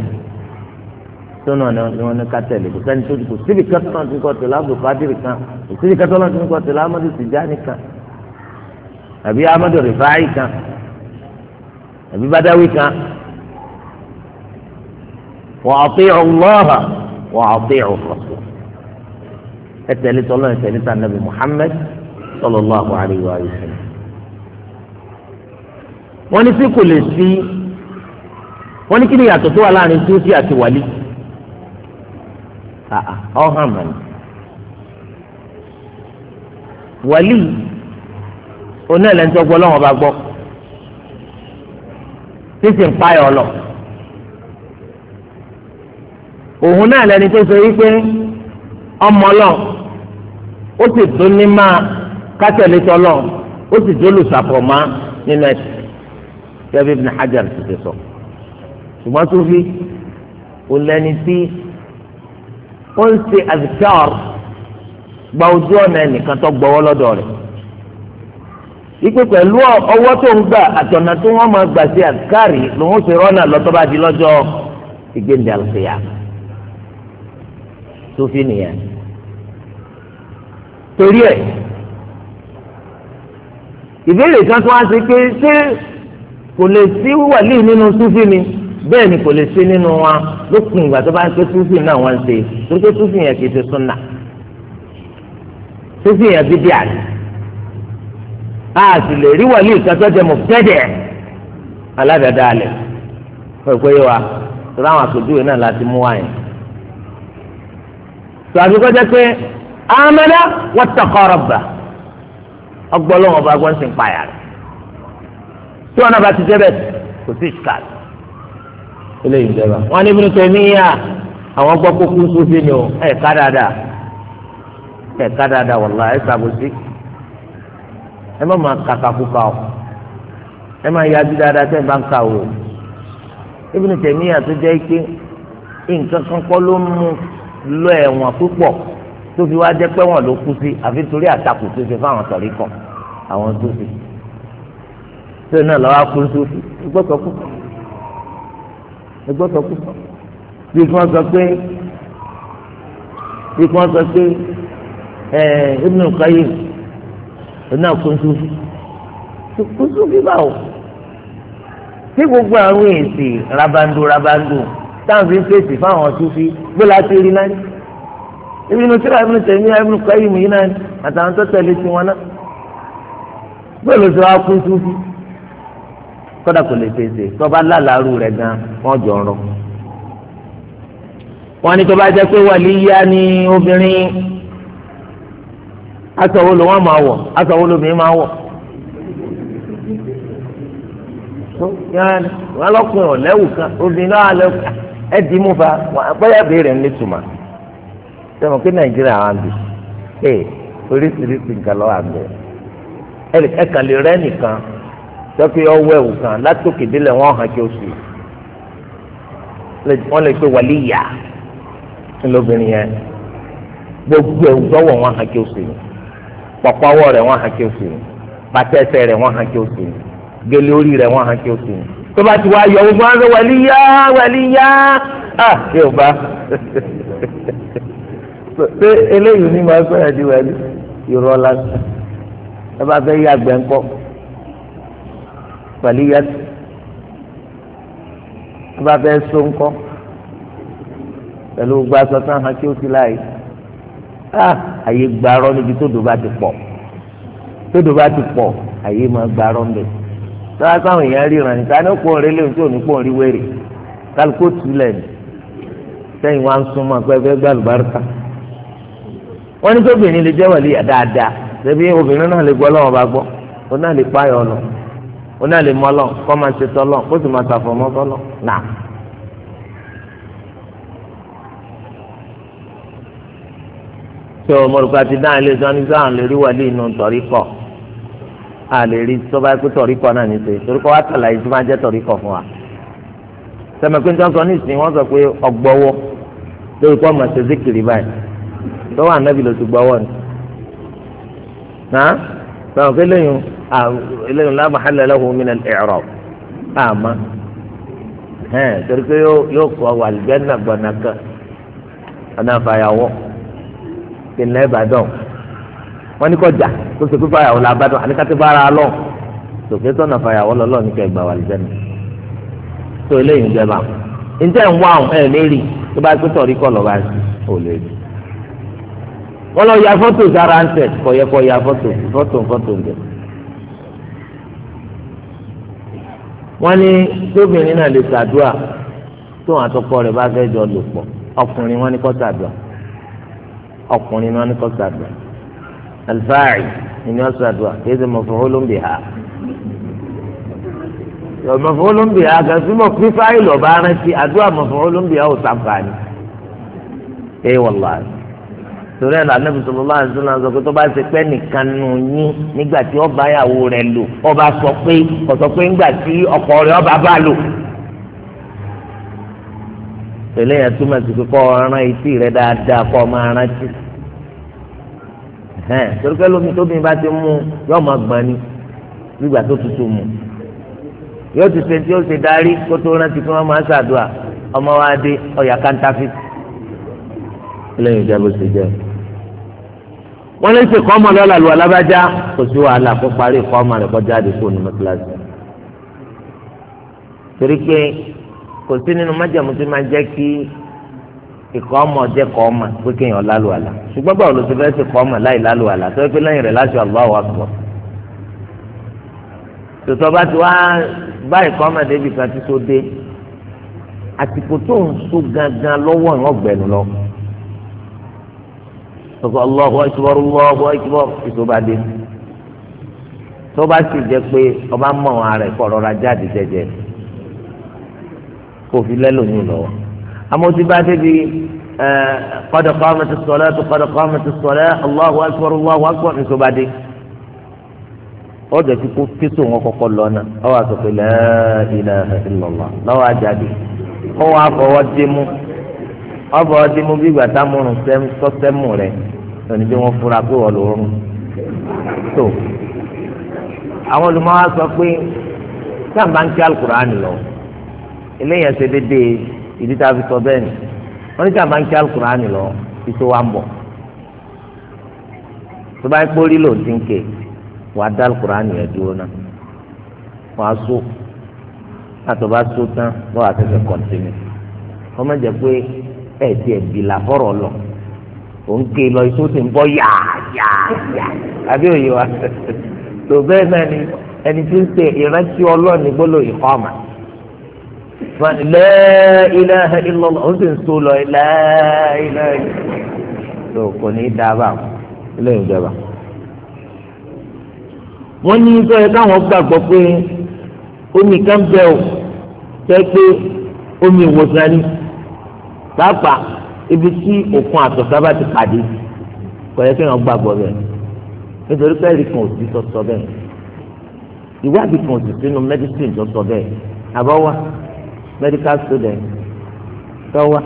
súnà ni wọ́n ní ká tẹ̀lé kò sẹ́ni tó kò síbi kẹ́tọ́ náà ti kọ́ tẹ̀lé Abdul Qadir kan síbi kẹ́tọ́ náà ti kọ́ tẹ̀lé Amadu Tijani kan àbí Amadu Rifai kan àbí Badawi kan wà á pè ọ́ lọ́ọ̀hà wà á pè ọ́ ẹtẹ̀lé tọ́lọ́ ẹtẹ̀lé tà nàbì Muhammad sallallahu alayhi wa sallam. wọ́n ní sí kò lè sí wọ́n ní kí ni yàtọ̀ tó wà láàrin Sufi àti wàlí ọ̀hán mọ̀nà wàlí oní ẹlẹ́ntọ́ gbọ́ lọ́wọ́ bá gbọ́ sísè ń payọ̀ lọ òun náà lẹni tó sọ yìí pé ọmọ lọ́wọ́ ó sì tún ní máa kátẹ̀lé tọ́lọ̀ ó sì tún lùsàfọ̀mọ́ nínú ẹ̀sìn gẹ́gẹ́ bí Hajar ti ti sọ. ṣùgbọ́n Sufi kò lẹ́ni tí ó ń ṣe azikar gba ojú ọ̀nà ẹnìkan tó gbọ́wọ́ lọ́dọ̀ rẹ̀ ipe pẹ̀lú ọwọ́ tó ń gbà àtọ̀nà tí wọ́n máa gbà sí àkárì ló ń ṣe rọ́nà lọ́tọ́ bá di lọ́jọ́ ìgbéǹdà ṣìyà Sufi nìyẹn torí ẹ̀ ìbéèrè kan tó wá sí pé ṣé kò lè sí wàlíì nínú súfì ni bẹ́ẹ̀ ni kò lè sí nínú wa lókun ìgbà tó bá ń pé súfì náà wọ́n ń ṣe torí pé súfì yẹn kì í ṣe súnà súfì yẹn bí díà a sì lè rí wàlíì kan tó jẹ mọ̀tẹ́dẹ̀ aládàáda alẹ̀ fẹ́ pé wa tó láwọn àpèjúwe náà láti mú wa yẹn. tòwájú pé amana wattaqarabba ọgbọ́lọ́wọ́ ọba gbọ́n sì ń payà rẹ̀ tí wọn náà bá ti débẹ̀ kò sí ìṣkàlì eléyìí ń dẹ́ba wọn ní Ibn Taymiya àwọn gbọ́ kókó sófin ni o ẹ̀ ká dáadáa ẹ̀ ká dáadáa wàlá ẹ̀ sàbòsí ẹ má máa kàkà kúkà o ẹ má yájú dáadáa tẹ́ ẹ bá ń kà o Ibn Taymiya tó jẹ́ ike nǹkan kan kọ́ ló mú lọ ẹ̀wọ̀n púpọ̀ tó fi wá jẹ́ pé wọ́n ló kú sí àfi torí àtakò tó ṣe fáwọn sọ̀rí kan àwọn tó ṣe tó náà lọ́wọ́ kú sófì ìgbọ́sọ̀ kú kọ́ ìgbọ́sọ̀ kú kọ́ bí kí wọ́n sọ pé bí kí wọ́n sọ pé ẹ̀ Ibn Qayyim náà kú sófì kú sófì báwo tí gbogbo àwọn èsì rabandu rabandu táwọn fi ń fèsì fáwọn sófì gbọ́dọ̀ àti rí náà ibi inú tíra Ibn Taymiyyah Ibn Qayyim yìí náà àtàwọn tó tẹ̀lé sí wọn náà bẹ́ẹ̀ ló ti wá kú Sufi kódà kò lè fèsì tó bá lálàárù rẹ̀ gan wọ́n jọ ń rọ. wọ́n ní tó bá jẹ́ pé wàlíyá ni obìnrin aṣọwó ló wọ́n máa wọ̀ aṣọwó lóbìnrin máa wọ̀. wọ́n lọ́kùnrin ọ̀lẹ́wù kan obìnrin náà lẹ́wù ẹ̀ dì í mú fa bóyá béèrè ń tùmọ̀ sẹ́wọ̀n pé nàìjíríà wà bì ee oríṣiríṣi nǹkan lọ́wọ́ àgbẹ̀ ẹ̀ka lè rẹ́ nìkan sọ́kì ọwọ́ ẹ̀wù kan látòkè délẹ̀ wọ́n hàn kí o sì wọ́n lè pe wàlí yá lóbìnrin yẹn gbogbo ẹ̀wù sọ́wọ́ wọ́n hàn kí o sì pọ̀pọ̀ ọwọ́ rẹ̀ wọ́n hàn kí o sì bàtà ẹsẹ̀ rẹ̀ wọ́n hàn kí o sì gèlè orí rẹ̀ wọ́n hàn kí o sì tó bá ti wá yọ ogun á lọ wàlí yá wàlí yá ah yóò bá. [laughs] pé eléyìí ní ma sọ yẹn di wẹ̀lú irọ́ lásán ẹ bá fẹ́ yàgbẹ́ ńkọ́ pẹ̀lú yẹtù ẹ bá fẹ́ so ńkọ́ pẹ̀lú gbogbo aṣọ tán hàn kí ó ti láàyè ah, àyè gbarọ́ níbi tó dòbá ti pọ̀ tó dòbá ti pọ̀ àyè máa gbarọ́ ńbẹ tọ́lá sáwọn èèyàn ríran níta ní òpó òrèlè tí ò ní pò rí wèrè kálukó tù ní sẹ́yìn wá ń súnmọ́ pé ẹ fẹ́ wọ́n ní tóbìnrin lè jẹ́ wàlíyà dáadáa ṣebí obìnrin náà lè gbọ́ lọ́wọ́ bá gbọ́ ó náà lè páyọ̀ lọ ó náà lè mọ́lọ́ kọ́ máa ṣe tọ́lọ́ kó sì máa ṣàfọ̀mọ́ tọ́lọ́ nà. tó mọ̀lùkọ́ àti dáhùn ilé sọ ní sáà lè rí wàlíì inú tọ̀rí kọ̀ a lè rí tó bá pé tọ̀rí kọ̀ náà ní ṣe torí kọ́ wá tàlàyé tó máa jẹ́ tọ̀rí kọ̀ fún wa. sẹ́mi pé ní sọ́ọ́ ìsìn wọ́n sọ pé ọgbọ́wọ́ lórí kọ́ máa ṣe zikiri báyìí lọ́wọ́ ànábì ló ti gbọ́wọ́ ni náà báwọn kí lẹ́yìn lẹ́yìn la mahalla lahu min al-i'rab àmà hẹ́n torí pé yóò kọ́ wà lùgbẹ́nà gbọ̀nàkà ọ̀nà fàyàwọ́ ìpínlẹ̀ ìbàdàn wọ́n ní kọjá tó ṣe pé fàyàwọ́ la bàdàn àníkàtí bára lọ tòkè sọ̀nà fàyàwọ́ lọ́lọ́ ní kẹgbà wà lùgbẹ́nà tó eléyìí ń jẹba ǹjẹ́ ń wá ẹ̀ lérí tó bá gbé tọ̀rí kọ́ lọ́ba ò lè rí wọn lọ ya fọ́tò sára ń tẹ̀ kọ̀ yẹ kọ̀ ya fọ́tò fọ́tò fọ́tò bẹ̀. wọ́n ní tóbìnrin náà lè ṣàdúrà tó àwọn àtọkọ rẹ̀ bá fẹ́ jọ lò pọ̀ ọkùnrin wọn ní kó ṣàdúrà ọkùnrin wọn ní kó ṣàdúrà alfaari ni wọn ṣàdúrà kí ẹsẹ maf'ulun biha maf'ulun biha gàtúmọ̀ fífáìlì ọ̀bá rántí àdúrà maf'ulun biha ò sàǹfààní ẹ wàlláhi torí ẹ̀ lànà bisalòlá láti sọ́nà sọ pé tó bá ṣe pẹ́ nìkan nù yín nígbà tí ọba ìyàwó rẹ̀ lò ọba sọ pé ọ̀sọ̀ pé ńgbà tí ọkọ rẹ̀ ọba bá lò. tẹ̀lé yẹn túmọ̀ sí pé kọ́ ọ̀ràn etí rẹ̀ dáadáa kọ́ ọ máa rántí. torí pé lómi tóbi bá ti mú yóò máa gbọ́n ni nígbà tó tutù mu yóò ti ṣe tí yóò ṣe darí kó rántí kí wọ́n máa ọmọ wa dé ọ̀yà kántáfíìsì lẹ́yìn ìjábọ̀ ṣe jẹ́ wọ́n lè ṣe kọ́mọ lọ́la lu alábàjá kò sí wàhálà kó parí kọ́mọ rẹ̀ kọjá àdínkù ní mọ́tíláṣí torí pé kò sí nínú májàmú tí máa jẹ́ kí ìkọ́ ọmọ jẹ́ kọ́ ọmọ pé kéèyàn lálù àlà ṣùgbọ́n báwo ló ti fẹ́ ṣe kọ́ ọmọ láì lálù àlà tó pé lẹ́yìn rẹ̀ láti Allahu Akbar tòtọ́ bá ti wá bá ìkọ́ sọkọ Allahu akbar Allahu akbar ètò bá dé tó bá sì jẹ pé ọba mọ àwọn ará ẹ̀kọ́ rọra jáde jẹjẹ kò fi lẹ́lòmíì lọ́wọ́ àmọ́ tí bá débi qad qamatis salatu qad qamatis salatu Allahu akbar Allahu akbar ètò bá dé ọjọ́ tí kò kí sóun ọkọ̀kọ̀ lọ náà ọwọ́ àtọ̀pẹ̀ la ilaha illallah lọ́wọ́ àjáde ọwọ́ àfọwọ́ dé mú ọbọ ọdí mú bí gbàtà múrùn sọsẹmù rẹ lónìí bí wọn fura pé wọn lò rún tó àwọn olùmọwà sọ pé sáàmbá ń kí alukur'ani lọ eléyìí ẹsẹ déédéé ìdí tá a fi sọ bẹ́ẹ̀ ni wọn ní sáàmbá ń kí alukur'ani lọ ìṣó wa ń bọ̀ tó bá yẹ kó rí lòun ti ń ké wàá dá alukur'ani yẹn dúró náà wàá so àtọ̀ bá so tán lọ́wọ́ àtẹ̀sẹ̀ kọ̀ntínú wọ́n má jẹ́ pé ẹ̀dì ẹ̀dì làbọ̀rọ̀ lọ òun ké lọ iṣó ti ń bọ́ yáyáyá àbí òye wa [laughs] tó bẹ́ẹ̀ náà ni ẹni tí ń ṣe ìrántí ọlọ́ọ̀ni gbọ́dọ̀ ìkọ́ àmà la ilaha illallah òun sì ń so lọ la ilaha tó kò ní í dábàá ilé ìjọba wọ́n ní sọ yẹ káwọn gbàgbọ́ pé omi kan bẹ ò tẹ́ pé omi ìwòsàn ni pàápàá ibi tí òkun àtọ̀tà bá ti pàdé kò yẹ kí wọ́n gbàgbọ́ bẹ́ẹ̀ nítorí pé ẹ̀rí kan ò sí sọ́sọ bẹ́ẹ̀ ìwádìí kan ò sì sínú medicine tó sọ bẹ́ẹ̀ àbọ̀wá medical student tọ́wá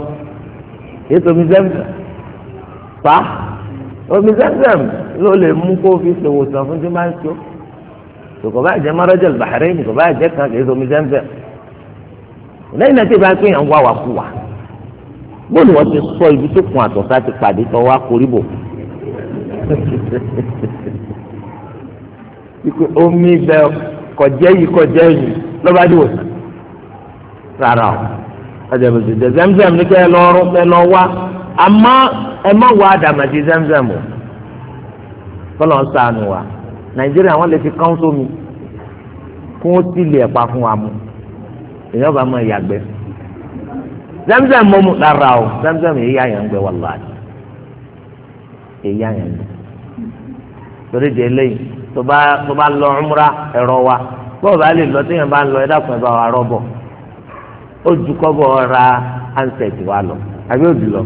ètò omi zemzem pa omi zemzem ló lè mú kó fi ṣèwòsàn fún tí máa ń tó kò bá jẹ́ marajal bahrain kò bá jẹ́ kan ètò omi zemzem lẹ́yìn náà tí ìbá pín yàn wá wà kú wà bó ni wọ́n ti sọ ibi tó kun àtọ̀sá ti pàdé tó wá koríbò omi bẹ kọjẹ yìí kọjẹ yìí lọ́ba dì wò rárá o ọjọbọsọ jẹ zamzam ní kẹ lọ ọrùn kẹ lọ wá àmọ́ ẹ má wá àdàmàdì zamzam o kọlọ ń sànù wa nàìjíríà wọn lè fi kánsó mi kó o ti lè pa fún wa mu èèyàn bá máa yàgbẹ́ zamzam mọ́mú lára o zamzam èyí àyàn gbẹ wàláhì èyí àyàn gbẹ torí de eléyìí tó bá tó bá lọ ọmúra ẹ̀rọ wa bọ́ọ̀ bá lè lọ téèyàn bá ń lọ ẹ̀dá kan ẹ̀ bá wa rọ́bọ̀ ó ju kọ́bọ̀ ra ansẹ̀tì wa lọ àbí òdì lọ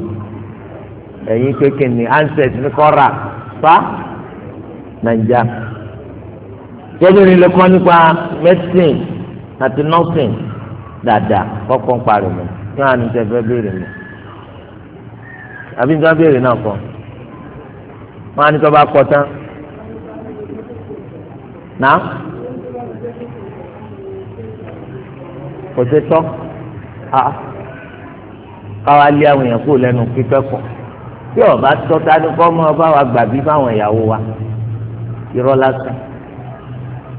ẹ̀yin kékeré ni ansẹ̀tì ni kọ́ ra fa nàìjíríà tẹ́lẹ̀rin lè kọ́ nípa mẹ́dísìn àti nọ́ọ̀sìn dáadáa kọ́kọ́ ń parí mi kí wọn àníjẹ fẹ́ béèrè mi àbí nígbà béèrè náà kọ wọn àníjọ bá kọ tán náà kò sí tọ́ káwa lé àwọn èèyàn kúrò lẹ́nu pípẹ́ pọ̀ tí ọba tọ́ ta ni kọ́ mọ́ ọba wa gbàbí fáwọn ìyàwó wa irọ́ lásán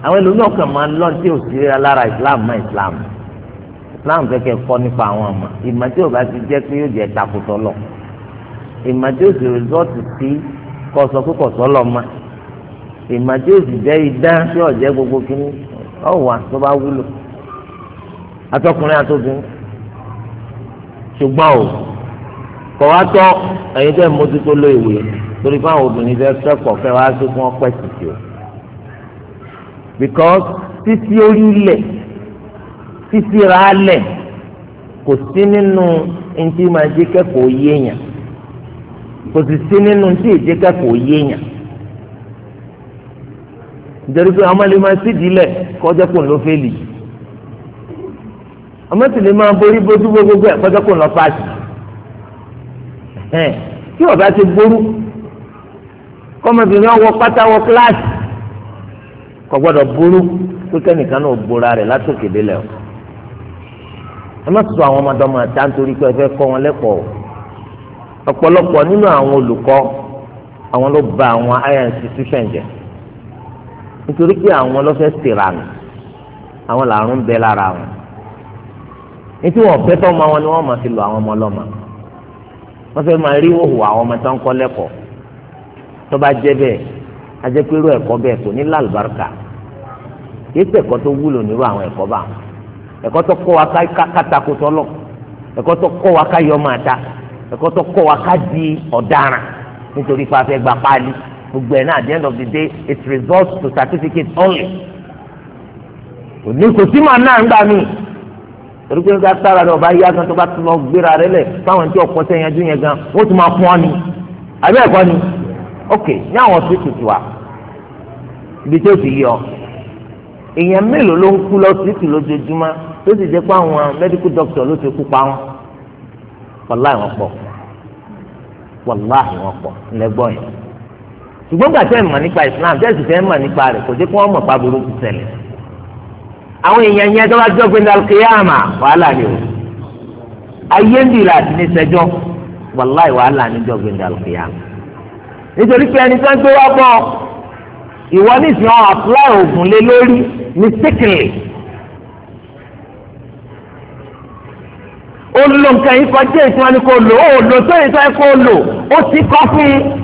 àwọn ẹlòmíràn kan máa ń lọ́ọ́ tí ò sí lára Islam mọ́ Islam. Islam islam kẹkẹ kọ́ nípa àwọn àmà ìmọ̀ tí o bá ti jẹ́ pé yóò jẹ́ takùtọ̀ lọ ìmọ̀ tí o sì rìsọ́ọ̀tì sí kọ́ sọ pé kò sọ́lọ̀ ma ìmọ̀ tí o sì jẹ́ idán tí o jẹ́ gbogbo kínní ọ̀ wà tó bá wúlò atọkùnrin atọkùnrin ṣùgbọ́n o kọ̀ wá tọ́ ẹ̀yin tẹ́ mójútó ló ìwé torí fáwọn obìnrin fẹ́ kẹ́kọ̀ọ́ fẹ́ wá sí fún ọpẹ́ o because títí orí ilẹ̀ sísíra alẹ̀ kò sí nínú ntí máa jẹ́ kẹ́kọ̀ọ́ yéèyàn kò sì sí nínú ntí ìjẹ́ kẹ́kọ̀ọ́ yéèyàn nítorí pé ọmọ lè máa sídìí lẹ̀ kọjá kò ń lọ fẹ́ lì ọmọ sì lè máa borí bójú gbogbo ẹ̀ kọjá kò lọ pàṣẹ tí ọba ti ború kọ́mọbìnrin ọwọ́ pátá wọ kíláàsì kò gbọ́dọ̀ ború pé kẹ́nìkan náà bora rẹ̀ látòkè délẹ̀ o ẹ má sọ àwọn ọmọdé ọmọ àti àǹtorí pé ẹ fẹ́ kọ́ wọn lẹ́kọ̀ọ́ ọ̀pọ̀lọpọ̀ nínú àwọn olùkọ́ àwọn ló ba àwọn higher institution jẹ́ nítorí pé àwọn ló fẹ́ tìrànù àwọn làrún bẹ lára wọn nítorí wọn fẹ́ tọ́mọ wọn ni wọ́n máa fi lọ àwọn ọmọ lọ́mọ wọ́n fẹ́ máa rí òhù àwọn ọmọ tó ń kọ́ lẹ́kọ̀ọ́ tó bá jẹ́ bẹ́ẹ̀ ajẹ́pẹ́rú ẹ̀kọ́ bẹ́ẹ̀ kò ní lálùbáríkà kí ẹ̀kọ́ tó wúlò nírú àwọn ẹ̀kọ́ báwọn ẹ̀kọ́ tó kọ́ wa kátàkó tọ́lọ̀ ẹ̀kọ́ tó kọ́ wa káyọ̀ máa da ẹ̀kọ́ tó kọ́ wa ká di ọ̀daràn nítorí pé gba páálí gbogbo ẹ̀ náà at the end of the day it results to certificate only òní kò sí màá náà ń gbà mí torí pé nígbà tára rẹ ọba yá gan tó bá tún lọ gbéra rẹ lẹ fáwọn tí ọkọ sẹ́yìn ẹjú yẹn gan wọ́n tún máa fún ọ ni àbí ẹ̀kọ́ ni ok ní àwọn tó tutù wa ibi tó ti yọ èèyàn mélòó ló ń kú lọ sí lójoojúmọ́ ó sì jẹ́ pé àwọn medical doctor ló ti kú pa wọn wàláì wọn pọ̀ wàláì wọn pọ̀ ńlẹ́gbọ́n yìí ṣùgbọ́n Islam tẹ́ ẹ̀ sì mọ̀ nípa rẹ̀ kò jẹ́ wọ́n mọ̀ pa burúkú àwọn èèyàn yẹn tó bá jọ́ kéyàmà wàhálà ni o ayé ń dìrà àti ní ni jọ́ kéyàmà nítorí ó lo nǹkan yìí kọjá ìtura ni kò lò ó lò tó ìtura kò lò ó ti kọ́ fún un.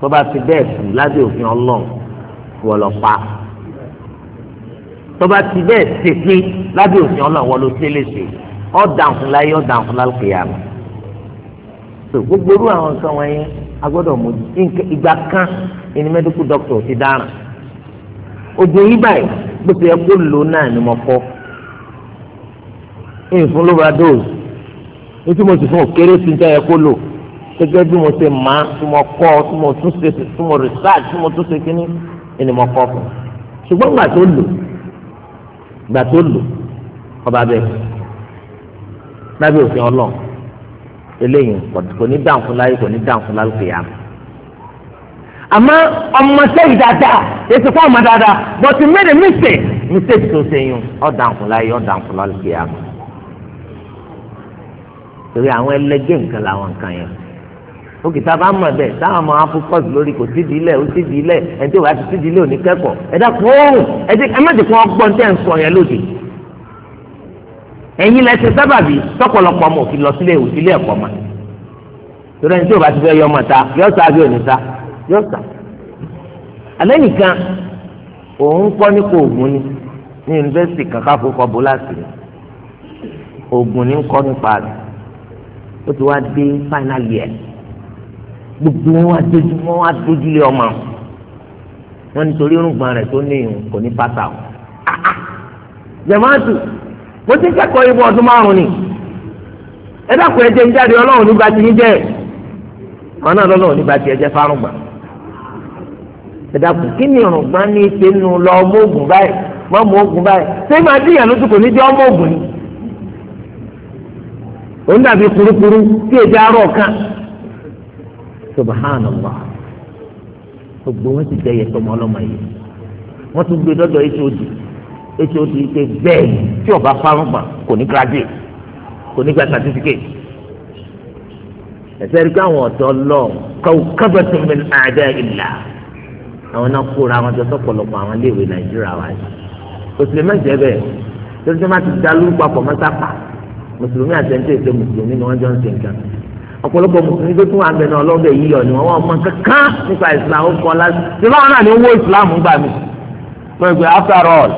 tó bá ti bẹ́ẹ̀ sùn lábẹ́ òfin ọlọ́run wọ́n lọ pa tó bá ti bẹ́ẹ̀ tètè lábẹ́ òfin ọlọ́run wọ́n lọ tẹ́lẹ̀ sí ọ́ dànkún láyé ọ́ dànkún lálùkìyàmù. tó gbogbo irú àwọn nǹkan wọ̀nyẹn a gbọ́dọ̀ mú ìgbà kan ẹni mẹ́díkù dọ́kítọ̀ ti dáràn. òjò yìí báyìí gbèsè ẹ̀kọ́ lò náà ìfún lóbadose nítorí mo sì fún òkèrè sí ìjà yẹn kó lò gẹ́gẹ́ bí mo ṣe máa tí mo kọ́ tí mo tún ṣe tí mo research tí mo tún ṣe kíní ẹni mo kọ́ fún ṣùgbọ́n gbà tó lò gbà tó lò ọba bẹ́ẹ̀ lábẹ́ òfin ọlọ́run eléyìí kò ní dáhùn láyé kò ní dáhùn lálùkè yá àmọ́ ọmọ sẹ́yìn dáadáa ètò fún ọmọ dáadáa but you made a mistake mistake tó ṣe yun ọ̀ dáhùn fún láyé ọ̀ dáhùn lálùkè yá torí àwọn ẹlẹgẹ́ nǹkan làwọn nǹkan yẹn òkè tá a bá mọ̀ bẹ́ẹ̀ táwọn ọmọ afúkọ́sì lórí kò sídìí ilẹ̀ ó sídìí ilẹ̀ ẹni tí wàá ti sídìí ilẹ̀ òní kẹ́kọ̀ọ́ ẹ dákun oòrùn ẹ jẹ́ ẹ má jẹ́ kí wọ́n gbọ́ tẹ́ ń sọ yẹn lóde ẹ̀yin lẹ́sẹ̀ sábàbí tọ́pọ̀lọpọ̀ ọmọ òfin lọ sílé ìwò sílé ẹ̀kọ́ ma torí ẹni tí wàá ti fẹ́ yọ ọmọ ta yọ sá bí òní sá yọ sá alẹ́ nìkan òun kọ́ nípa ògùn ni ní yunifásitì kankan fún bó láti ògùn ni ń kọ́ nípa rẹ̀ ó ti wá dé final year gbogbo wọn wá dojú wọn wá dojú lé ọmọ wọn nítorí irùngbọ̀n rẹ̀ tó ní ìhùn kò ní pátá o ah, ah. jẹ̀mọ́tù mo ti kẹ́kọ̀ọ́ ibò ọdún márùn-ún ni ẹ dákun ẹjẹ ń jáde ọlọ́run nígbà tí yín jẹ́ àwọn náà lọ́lọ́run nígbà tí ẹjẹ fárùngbà ẹ dákun kí ni ìrùngbọ̀n ní í ṣe nù lọ ọmọ ogun báyìí mọ́ ọmọ ogun báyìí ṣé máa díyàn lójú kò ní jẹ́ ọmọ ogun ni ó ń dàbí kurukuru tí èdè arọ kan subhanallah gbogbo wọn ti jẹ yẹtọmọ ọlọmọ yìí wọn tún gbé dọdọ hod hod pé bẹ́ẹ̀ tí ọba fárúgbà kò ní graduate kò ní gba certificate ẹsẹ rí káwọn ọ̀tọ̀ lọ kawkabatun min a'da'illah àwọn náà kóra àwọn tó sọpọlọpọ àwọn iléèwé nàìjíríà wáyé òsèlè mẹjẹ bẹ́ẹ̀ tó ti máa ti dá lórúkọ àpọmọsápà mùsùlùmí àtẹ̀ǹtẹ̀ ètò mùsùlùmí ni wọ́n jọ ń ṣe nǹkan ọ̀pọ̀lọpọ̀ mùsùlùmí tó tún wà bẹ̀rẹ̀ ọlọ́bẹ̀ yíyọ ni wọ́n mọ kankan nípa ìsìlámù kọ́ láti ṣé báwọn náà ni owó ìsìlámù gbà mí pẹ̀lú after all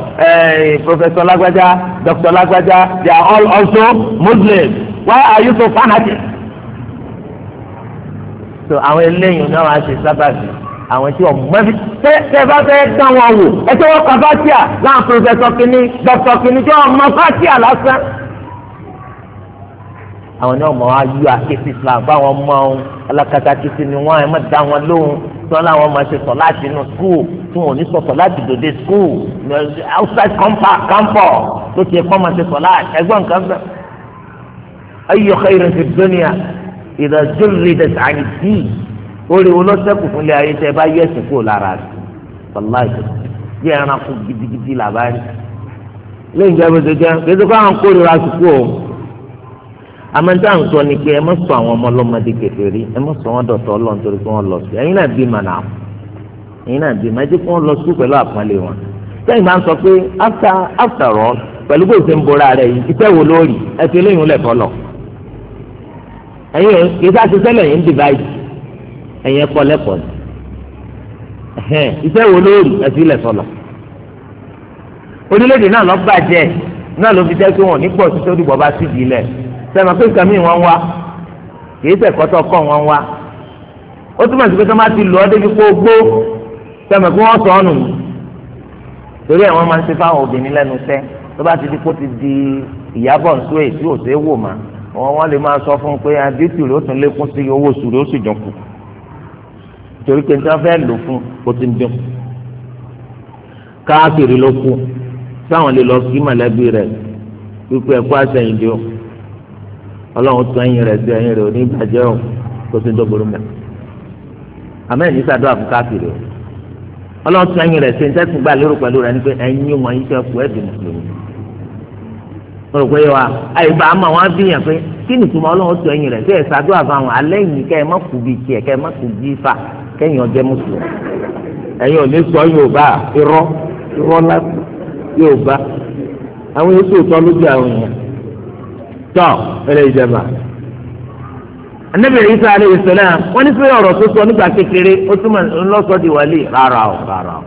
professor lágbájá doctor lágbájá they are all also muslims why are you so fanatic? so àwọn eléyìí náà wá ṣe sábàbí àwọn tí wọn mọ ẹbí tẹ tẹ bá fẹ́ dán wọn wò ẹ tí wọn kọ fatia láwọn professor kìíní doctor kìíní tí wọn mọ fatia lásán àwọn náà mọ̀ á yọ àkéésí islam báwọn mọ ohun alákatakítí ni wọ́n ẹ̀ má dá wọn lóhùn tí wọ́n láwọn máa ṣe sọ láti inú skul tí wọ́n ò ní sọ̀tọ̀ láti dòde skul outside campus tó ti ẹ̀kọ́ máa ṣe sọ láti ẹgbọ́n nǹkan fẹ́. ayyu khairin fi dunya idha jurridat 'an ad-din orí olóṣèkù fúnlẹ̀ ayé tẹ́ bá yẹ ẹ̀sìn kúrò lára rẹ̀ wàláì bí ẹranko gidigidi làbá rí lẹ́yìn ìjọba amẹ́ńtà ń sọ ni pé ẹ má sọ àwọn ọmọ ọlọ́mọdé kèfèrí ẹ má sọ wọn dọ̀tọ̀ ọlọ́run torí pé wọ́n lọ sí ẹ̀yin náà bímọ náà ẹ̀yin náà bímọ ẹ kí wọ́n lọ sí pẹ̀lú àpọ́nlé wọn sẹ́yìn máa ń sọ pé after after all pẹ̀lú bó ṣe ń bora rẹ̀ yìí iṣẹ́ wo lórí ẹ ti léyìn lẹ̀ fọlọ̀ ẹ̀yin kì í sá ti sẹ́lẹ̀ yìí ń divide ẹ̀yin ẹ̀kọ́ lẹ́kọ̀ọ́ iṣẹ́ wo lórí ẹ ti lẹ̀ sẹ́mi pé kàmí wọn wá kìí sẹ̀kọ́tọ̀ kọ́ wọn wá ó túmọ̀ sí pé sọ́mà ti lù ọ́ débi kó gbó sẹ́mi pé wọ́n sọ ọ́ nù mí torí ẹ̀ wọ́n máa ń ṣe fáwọn obìnrin lẹ́nu sẹ́ tó bá ti di kó ti di ìyàbọ̀ nsú èyí tí ò sí wò má wọn wọn lè máa sọ fún un pé adétù ah, ló tún lékún sí owó oṣù ló sì dínkù torí pé nítorí fẹ́ lò fún kó ti dínkù káàkiri ló kú sáwọn lè lọ sí mọ̀lẹ́bí rẹ̀ wípé ẹ̀kọ́ àṣẹyìndì o ọlọ́run tún ẹ̀yìn rẹ̀ sí ẹ̀yìn rẹ̀ òní ìbàjẹ́ ò kó tó ń dọ́gbòrò mẹ́. àmọ́ ẹ̀yìn sàdúrà fún káfíìrì o ọlọ́run tún ẹ̀yìn rẹ̀ sí ẹ̀yìn tẹ́sán gbà lérò pẹ̀lú rẹ̀ ni pé ẹ̀yìn wọn yìí fẹ́ kú ẹ̀dì mùsùlùmí. mo rò pé wa àyùbá àmọ́ wọn á bí yàn pé kí ni ìtumọ̀ ọlọ́run tún ẹ̀yìn rẹ̀ sí ẹ̀ sàdúrà fáwọn alẹ́ yìí kẹ́ ẹ má kú bíi tiẹ̀ kẹ́ ẹ má kú bíi fa kẹ́yìn ẹ̀yin ò tọ́ ẹlẹ́ ìjẹba. anabi isa aleyhi salam wọ́n ní sọ ọ̀rọ̀ tó sọ nígbà kékeré ó túmọ̀ ńlọ́sọ̀ di wàlí rárá o rárá o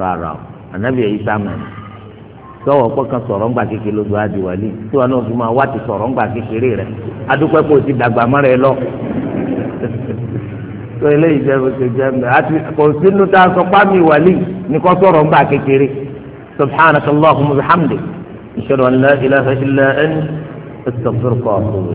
rárá o anabi isa mẹ́rin sọ̀wọ́ pọ̀kan sọ̀rọ̀ ńgbà kékeré ló gba di wàlí tí wọn náà fi máa wá ti sọ̀rọ̀ ńgbà kékeré rẹ̀ adúpẹ́ kò ti dàgbà mọ́ra ẹ lọ tó [laughs] eléyìí jẹ́ ṣe jẹ́ àti kò sínú tá a sọ pàmì wàlí ní kò sọ̀rọ̀ ńgbà kékeré subhanakallahumma wa bihamdik ashhadu an ilaha illa anta. استغفرك واتوب